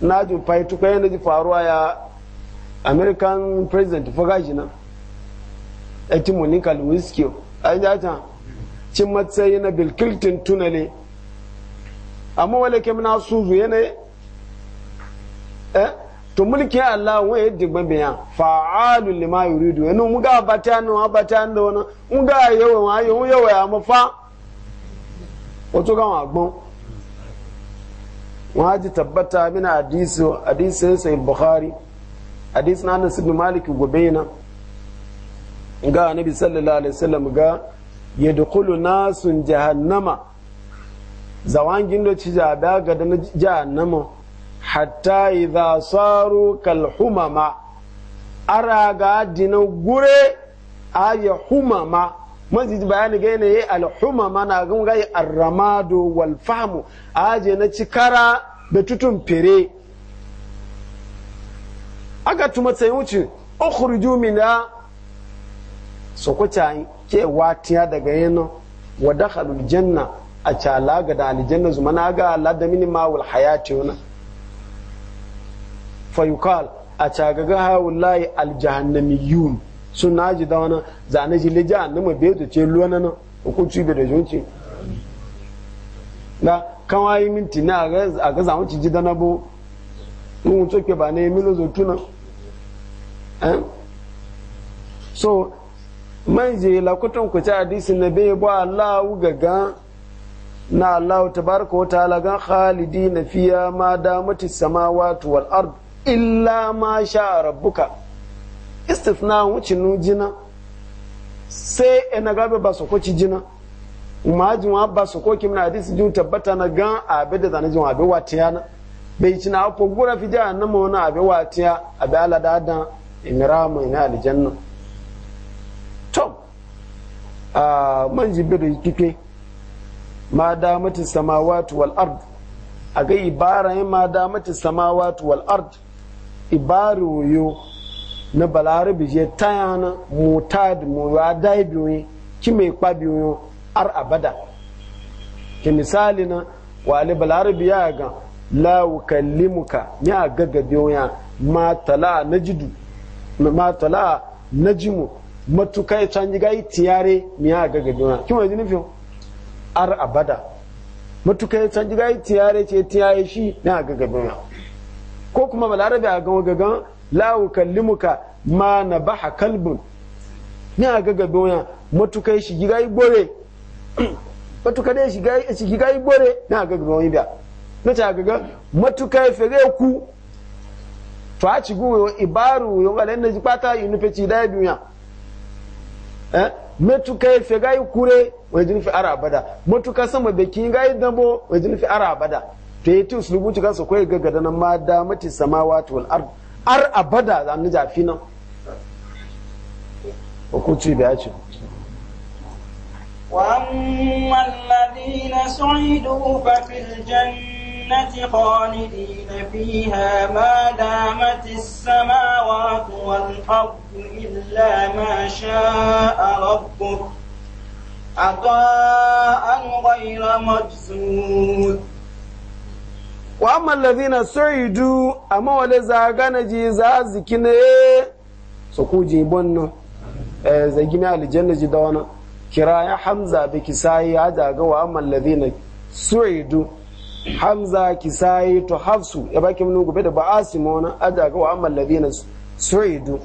na ju pa itu kai ne ji faruwa ya American president fogaji na eti Monica Lewinsky ai ja ta cin matsayi na Bill Clinton tunale amma wale ke muna suzu yana eh to mulki Allah wa yadda babiya fa'alu lima yuridu yana ga bata no bata ndo mu ga yawa wa yawa yawa ya mafa wato kan agbon wa ji tabbata mina hadisi hadisi sai bukhari hadisi na Anas ibn Malik gobeina ga nabi sallallahu alaihi wasallam ga yadkhulu nasun jahannama zawangin do ci ja ga da jahannama hatta idha saru kal humama ara ga dina gure aya humama mazid bayani ga ne al humama na ga ga arramado wal fahmu aje na cikara da tutun fere aga tuma sai wuce ukhruju mina sokota ke watiya daga yana wa dakhalul janna a cala ga da aljanna zuma na ga da mini hayati wannan fayukal a cagaga hawullahi yun sun naji da wani zane shi le jahannama bai ce luwana na hukunci bai da zuci na kawai minti na a ga zama ci da na bo in wuce ke ba yi milo na tuna so man je lakutan ku ci hadisi na bai ba Allah gaga na Allah tabaraka wa ta'ala gan khalidina fiya ma damati samawati wal ard illa ma sha rabbuka istisna wuce nu jina sai ina gabe ba su koci jina ji wa ba su koki mina hadisi jin tabbata na gan abe da zane jin abe watiya na bai ci na afo gura fi jihar na mawana abe watiya abe alada da imira mai aljanna to a man jibi da kike ma mutu samawatu wal ard a ga ibara ma mutu samawatu wal ard ibaru yo na balarabi je tayana mutad mu ya dai biyo ki mai kwa biyo ar abada ki misali na wale balarabi ya ga la ukallimuka ni gaga bi biyo ya ma tala najidu ma tala najimu matuka ya canji ga tiyare mi ya gaga biyo ki mai nufin ar abada matuka ya canji ga tiyare ce tiyaye shi ni a gaga biyo ko kuma balarabe a gan gagan lawu kallimuka ma na baha kalbun ni a ga gabe wani matukai shigiga igbore matukai da shigiga gore, ni a ga gabe wani biya na a gaga matukai fere ku to a ci guwe ibaru yau ga na ji kwata yi nufe ci da duniya eh, matukai fere kure wajen nufi ara abada matukai sama da kin yi dambo wajen nufi ara abada to yi tun sulubu cikin su kawai gaggada na ma damati samawa ta wal ar ar abada da mu jafi nan hukunci da ya ce
وأما الذين سعدوا ففي الجنة خالدين فيها wa amma
lazina saidu amma wale zaga na ji za ziki ne su ku ji bonno eh, zagi mai aljanna ji da wani kira ya hamza bi kisayi ya daga wa amma lazina saidu hamza kisayi to hafsu ya baki mun gobe da wani a daga wa amma lazina saidu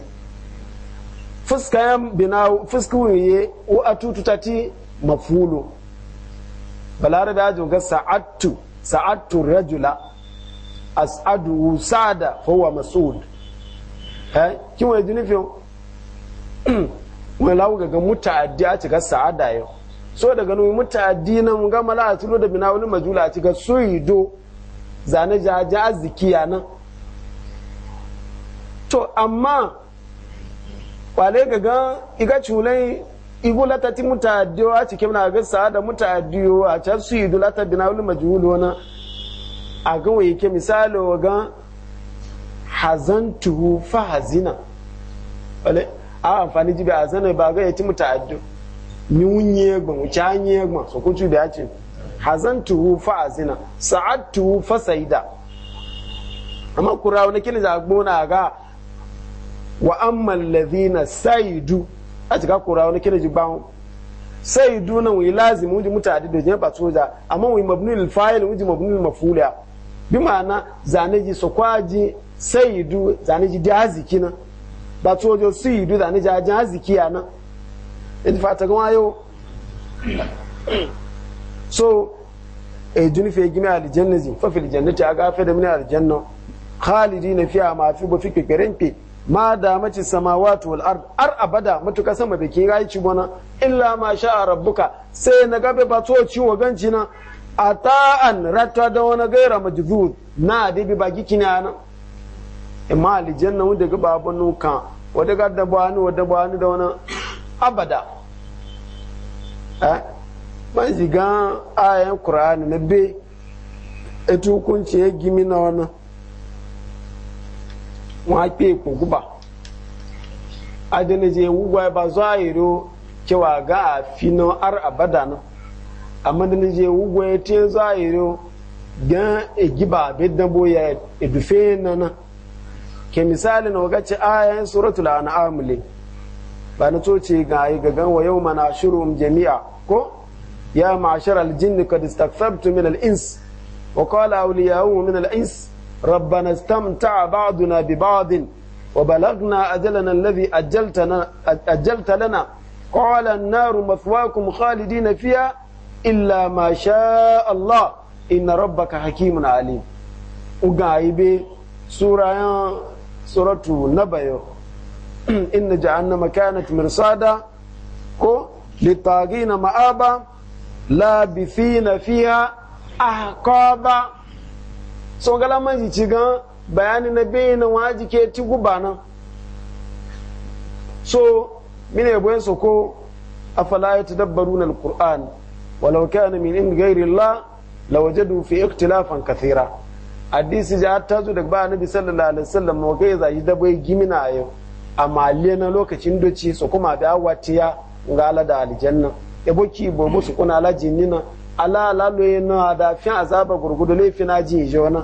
fuska ya bina fuska wuye wa atututati mafulu balarabe ajo ga sa'attu sa'adtu rajula as'adu sada fahuwa masud eh kin wani jinifin wani lawu gaga muta'addi a cika sa'ada yau so daga nuni muta'addi na mu gama da bina wani majula a cika suido zane jaja azikiya nan to amma kwale gaga iga culai igulata ti adiyo a cikin na ga sa da adiyo a can su idulata bina wani majhulu wani a ga wai ke misali wa ga hazantuhu fa hazina wale a amfani jibi a zanar ba ga ya ti adiyo ni wunye gba wuce an yi gban so kucu da ya ce hazantuhu fa hazina tuhu fa saida amma kura wani kini zagbona ga wa amma alladhina saidu a cika kora wani kira ji bawon sai yi dunan wuyi lazim wuji mutane da jefa soja amma wuyi mabnul fayil wani mabnul mafuliya bi ma'ana zane ji so kwaji sai yi du zane ji daziki na ba sojo su yi du zane ji ajin haziki ya na in fata gama yau so e duni fe gimi aljanna zin fa fil ta. aga fe da mini aljanna khalidina fiha ma fi bu fi kikirin fi ma da mace samawati wal ard ar abada matuka sama da ke gai ci bona illa ma sha rabbuka sai na gabe ba to ci wa ganci na ata'an ratta da wani gaira majdud na da bi baki kina na imma aljanna wanda ga babu nuka wanda ga da wanda da wani abada eh man jiga ayan qur'ani na be etu kunci ya gimi na wannan wọn pe epo guba adanaje wugwa ba zahiro e cewa ga a na ar abada na amma danaje wugwa ya te zahiro gan egiba abin dabo ya edufe na na ke misali na wagace ayan suratul an'am amule ba na toce ga yi e wa yau mana shurum jami'a ko ya ma'ashar aljinni kad istakfabtu min al-ins wa qala awliya'u min al-ins ربنا استمتع بعضنا ببعض وبلغنا أجلنا الذي أجلتنا أجلت لنا قال النار مثواكم خالدين فيها إلا ما شاء الله إن ربك حكيم عليم وقايبي سورة سورة نبيو إن جعلنا كانت مرصادا كو للطاغين مآبا لابثين فيها أحقابا so gala ci gan bayani na bayi na waji ke ti guba nan so mine yabo so ko afala yatadabbaruna alquran walau kana min indi ghairi allah lawajadu fi ikhtilafan kathira hadisi ja ta zo daga ba annabi sallallahu alaihi wasallam wa kai zai dabai gimina yau a maliya na lokacin doci so kuma da ya ngala da aljanna yabo ki bobo su kuna alajinina ala ala laloye na da fin azaba gurgudu laifi na ji je wani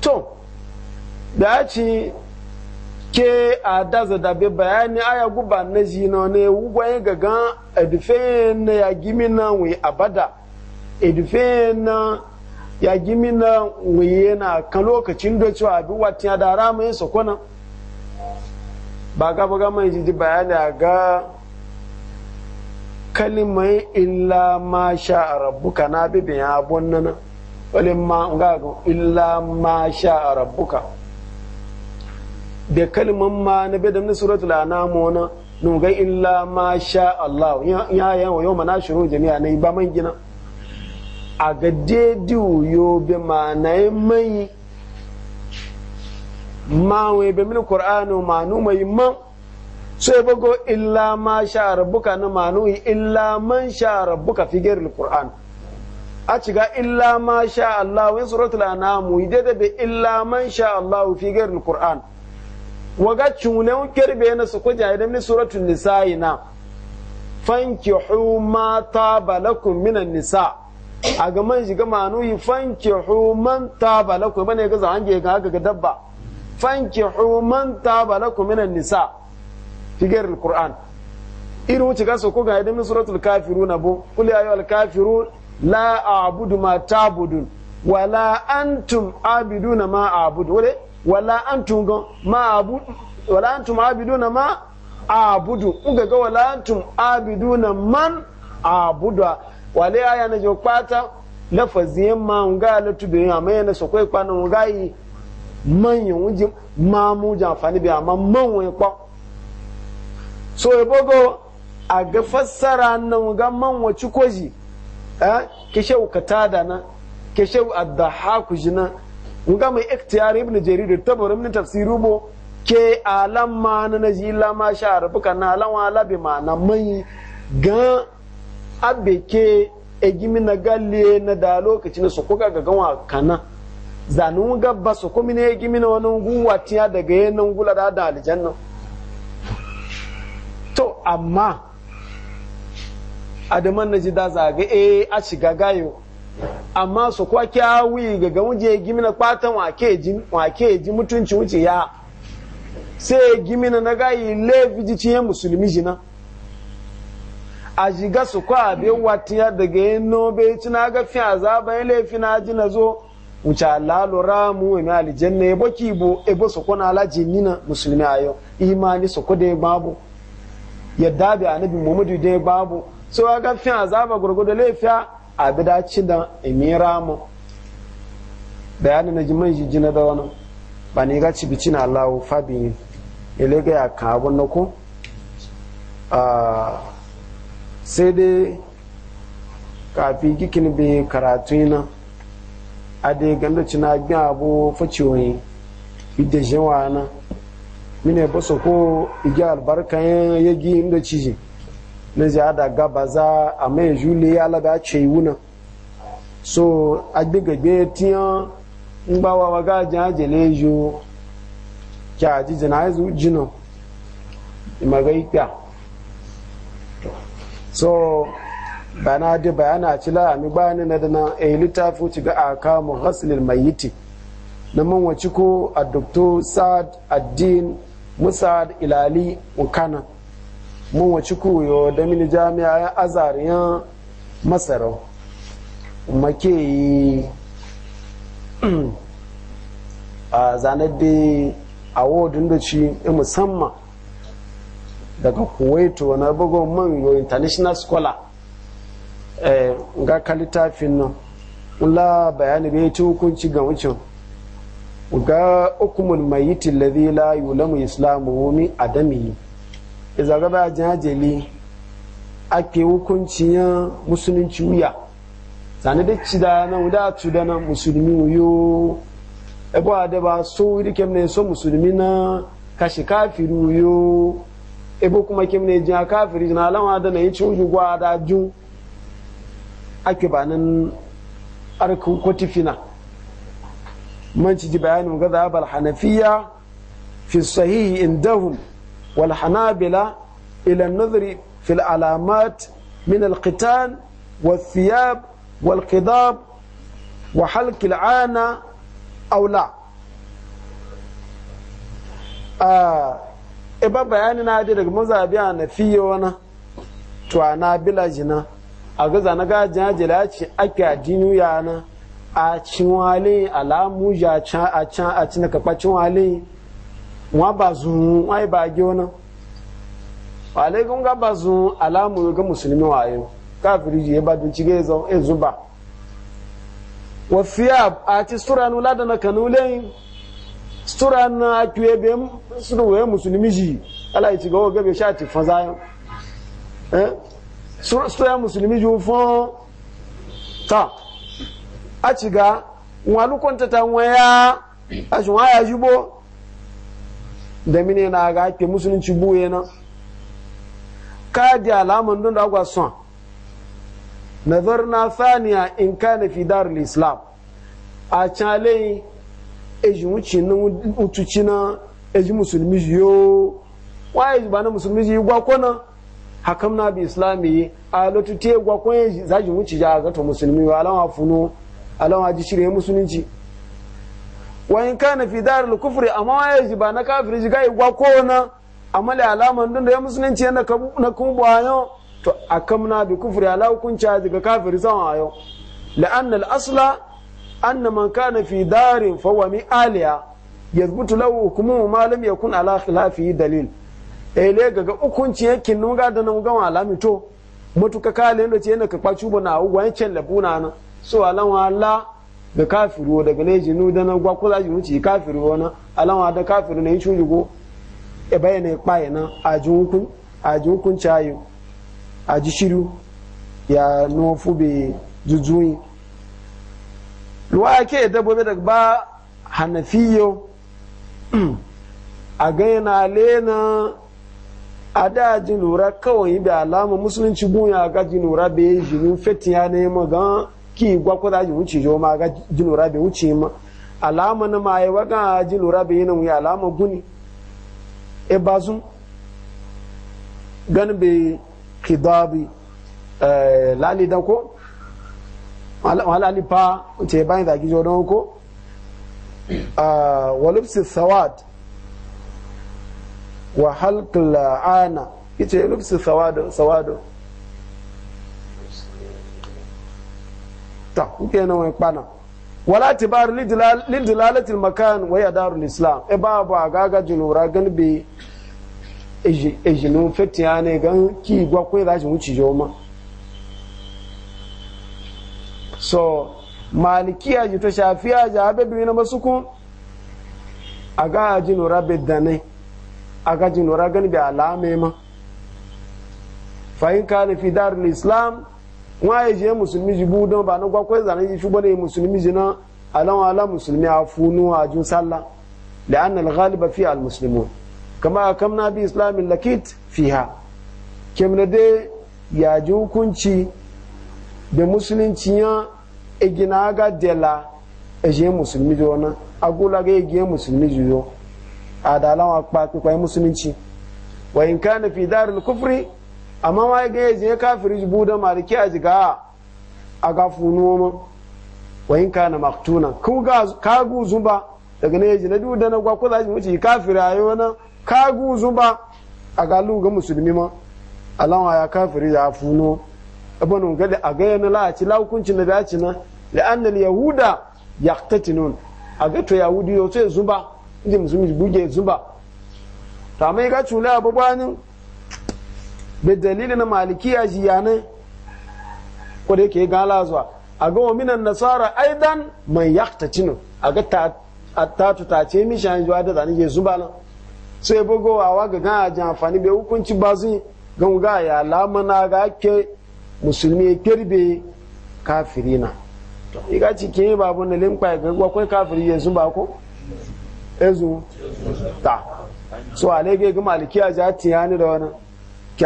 to da ci ke a daza dabe bayani aya guba na ji na wani wugwaye gagan edufe na ya gimi na wai abada edufe na ya gimi na wai na kan lokacin da cewa bi wata da ramayin sakonan ba gaba gama ji bayani a ga kalimai illa ma sha rabbuka na bibin ya bonnana walin ma ga illa ma sha rabbuka da kalimai ma na bidan na suratul anam wana nuga illa ma sha Allah ya ya yau mana shiru jami'a yi ba man gina a ga dediyo yo bi ma na mai ma we be min qur'anu ma nu mai man so ya bago illa ma sha rabbuka na manuyi illa man sha rabbuka fi gairil qur'an a ciga illa ma sha Allah wani suratul anamu dai da illa man sha Allah fi gairil qur'an waga cunen kirbe na su kuja idan ni suratul nisa'i na fankihu ma taba lakum minan nisa a ga man shiga manuyi fankihu man taba lakum bane ga zange ga ga dabba fankihu man taba lakum minan nisa' figar al-Qur'an irin wuce ga ko ga yadda min suratul kafiru na bu qul ya ayyuhal kafiru la a'budu ma ta'budun wala antum abiduna ma a'budu wala wala antum ma a'budu wala antum abiduna ma a'budu uga ga wala antum abiduna man a'budu wale aya na jo pata lafaziyen ma nga la tube amma yana so kai kwana nga yi manyan wuje ma mu ja fani bi amma man wani kwa so ya bogo a ga fassara nan ga man waci koji eh ke shehu katada na ke da haku ji na nga mai ikhtiyar ibn jarir tabar ibn tafsiru bo ke ma na ji lama sha arabuka na alamma labi ma na mai ga ke egimi na galle na da na su kuka ga gawa kana zanun gabba su kuma ne egimi na wani guwa tiya daga yanan gula da aljanna to amma adaman na ji da zaga e a shiga gayo amma su kwa ga gamu je gimi na kwatan wake ji mutunci wuce ya sai gimi na na gayi laifin ji ciye musulmi jina a shiga su kwa abin ya daga yin nobe ci na ga a zaba ya laifi na ji na zo wuce alalu ramu ina alijen ya baki bo ebo su kwa na alajin nina musulmi a yau imani su kwa da ya babu yadda bi annabi muhammadu dai babu so ga fi azaba gurgudu laifiya a bi dace da emira mu bayanin na jiman shi jina da wani ba ne ga cibici na allahu fabi ga ya kan abun na ku sai dai kafi gikin bi karatu yana a da ganda cina biya abu facewoyi da shewa na mine basu ko igi albarka ya gi inda cije na ziyada gaba za a mai juli ya laga ce wuna so agbegbe tiyan ngbawa waga jaje le yo kya ji jinaizu jino imaga ikya so bana da bayana ci la mi bani na dana e littafi ci ga aka mu ghaslil mayyiti na man wace ko a dr sa'ad addin musa da ilali ukana mun waci kuyo da mini jami'a ya azariyan masarau ke yi a zanar da awodin da ci musamman daga kuwaito na bugon man yo international scholar eh, ga kalitafin littafin nan ula bayani bai ci hukunci ga wucin ga hukumun mayyitin ladhi la yulamu islamu min adami iza ga ba jajeli ake hukunci ya musulunci wuya Sani da ci da nan da tu da nan musulmi wuyo ebo ade ba so wuri kem ne so musulmi na kashi kafiru wuyo ebo kuma kem ne jin kafiri na alama da na yi cuju gwa da ju ake ba nan arkin kotifina man ci ji bayanin ga zaɓar hanafiya fi sahihi indahum wal hanabila ila nazari fil alamat min alqitan wal thiyab wal qidab wa halki al'ana aw la ah, iba bayani na je daga mazabi a nafiya wani to a na bila jina a gaza na gajin ajiyar ya ce ake adinu yana a cinwale alamu ya can a can a cin kakpa cinwale wa ba zun wa ba ge wani wale kun ga ba zun alamu ga musulmi wayo kafiri ji ya e ba dun cige zo e zuba wa fiya a ci sura nu lada na kanule sura na tuye be sura we musulmi ji ala ga sha ti eh? sura musulmi ju ta a ci ga wa lukunta ta waya a shi waya shi bo da mine na ga ake musulunci buye na ka di alamun don da agwa son nazar na saniya in ka na fi darul islam a alayi eji wuce na utuci na eji musulmi yo wa eji ba na musulmi yi gwakona hakam na bi islami a lotuti gwakon eji zaji wuce ja ga to musulmi wa alama funu. alawan haji shirye musulunci wa in kana fi da kufri amma ya ji ba na kafiri ji gai gwa ko na amma da alama dun da ya musulunci yana na kun yau? to na bi kufri ala hukunci daga kafiri sama ayo la'anna al-asla anna man kana fi darin fa huwa mi'aliya yathbutu lahu hukmuhu ma lam yakun ala yi dalil e lai gaga hukunci yake ga da nan ga alamin to mutuka kale ce yana ka kwaci bana wa yankin labuna na so alawa ala da kafiru daga ne nu dana gwa kula jinu ci kafiru na alawa da kafiru na yi cuji ko e bayyana ya kpaye na a ji hukun cayo a aji shiru ya nufu bai jujjuyi luwa ake dabbobi daga ba hanafiyo a ale na a da ji lura kawai bi alama musulunci gun ya ga ji lura bai jinu fetin ya nema gan ki gwa ko da wuce jo ma ga jinura be wuce ma alama na ma yawa ga jinura be yana wuya alama guni e bazun gan be kidabi eh, lali da ko walali fa ce bayan zaki jo don ko ah, walubsi sawad wa halkul ana yace lubsi sawad sawad ta kuke nan wani kpana wala tibar lidilalatil makan waya darul islam e ba ba gaga jinura gan be ejinu e fetiya ne gan ki gwa kwai za shi wuce joma so malikiya ji ta shafiya ji na masu a ga jinura be dane a ga gan bi alame ma fahim kana fi darul islam wọn a jẹ musulmi jù dɔn ba na kɔ zan yi shubɔ ne musulmi jina alawan ala musulmi a funu a jun salla da an na fi al muslimu kama a kam na bi islamin lakit fi ha kemna de ya hukunci da musulunci ya igina ga dela eje musulmi jo na agula ga eje musulmi jo a da alawan kpa kpa musulunci wa kana fi darul kufri amma ma ga ya kafiri kafiri da maliki a jiga a ga funo wa in kana maktuna ku ga ka kagu zuba daga ne ji na du da na gwa ku za ji wuce kafiri ayo na kagu zuba a ga lu ga musulmi ma alawa ya kafiri ya funo abun ga da a ga yana la ci la hukuncin da ya ci na la'anna al-yahuda yaqtatinun a ga to yahudi yo sai zuba inda musulmi buge zuba ta mai ga cula babanin be dalili na malikiya shi yana ko da yake gala zuwa a ga wa minan nasara aidan man yakta cinu a ga ta ta ce mi shan juwa da zani ke zuba nan so ya bugo wa ga gan ji amfani bai hukunci ba su yi ga ya lamana ga ake musulmi ya kirbe kafiri na iga cikin yi babu na limpa ga kwakwai kafiri ya zuba ko ezu ta so alege ga malikiya ja tiyani da wani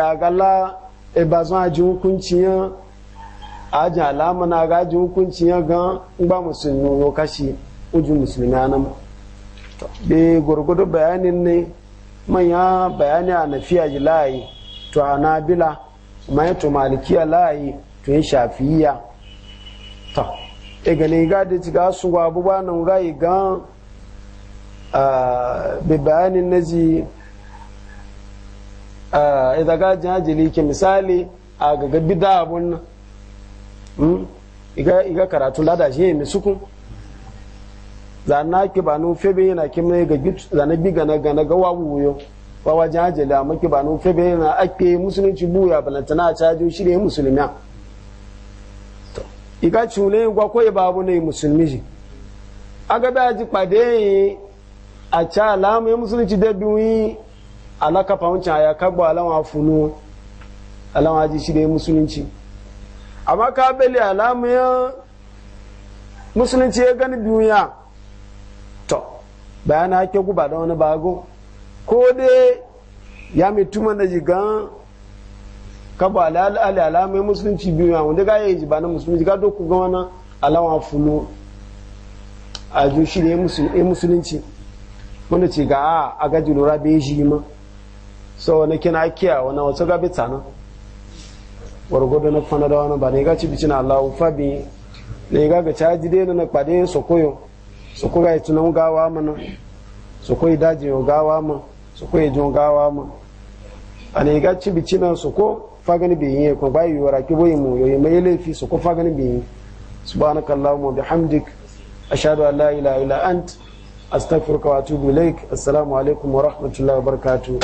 agala ibazon e aji hukunci ya aji alama na aga aji hukunci ya gan ngba musulmi yo kashi uju musulmi anan be gurgudu bayanin ne manya bayani a nafiya ji layi to a nabila mai to malikiya layi to yi shafiya ta igani e ga da ci ga su abubuwa nan ga yi gan bi bayanin na ji Ah, idan ga jajili ke misali a gaga bida abun nan hmm? iga karatu lada shi yi misuku zana ki banu febe yana ki mai ga zana bi gana gana ga wawu yo wawa jajili amma ki ba nu febe yana ake musulunci buya na cajo shi ne musulmi iga cule gwa ko babu ne musulmi ji aga da ji pade a ca alamu ya musulunci da biyu alaka a ya bu alawa funu alawa ji shi da ya musulunci amma ka beli alamu ya musulunci ya gani duniya to bayana hake guba da wani bago ko dai ya mai tuma da jigan kagba alamu ya musulunci duniya wanda ga yi ji ba na musulunci ga doku ga wani alawa funu a ju shi da ya musulunci wanda ce ga a gaji lura bai shi ma so wani kina kiya wani wasu gabi tsana wargwado na kwana da wani ba ne gaci bici na allahu fabi ne ga ga caji dai na kpade su koyo su kuga ya tunan gawa mana su koyi daji yau gawa ma su koyi jin gawa ma a ne gaci bici na su ko fagani bi yi ko bayi yiwuwa ki boyi mu yoyi mai laifi su ko fagani bi yi subhanakallahumma bihamdik mu an la ilaha illa ant astaghfiruka wa atubu ilaik assalamu alaikum wa rahmatullahi wa barkatu.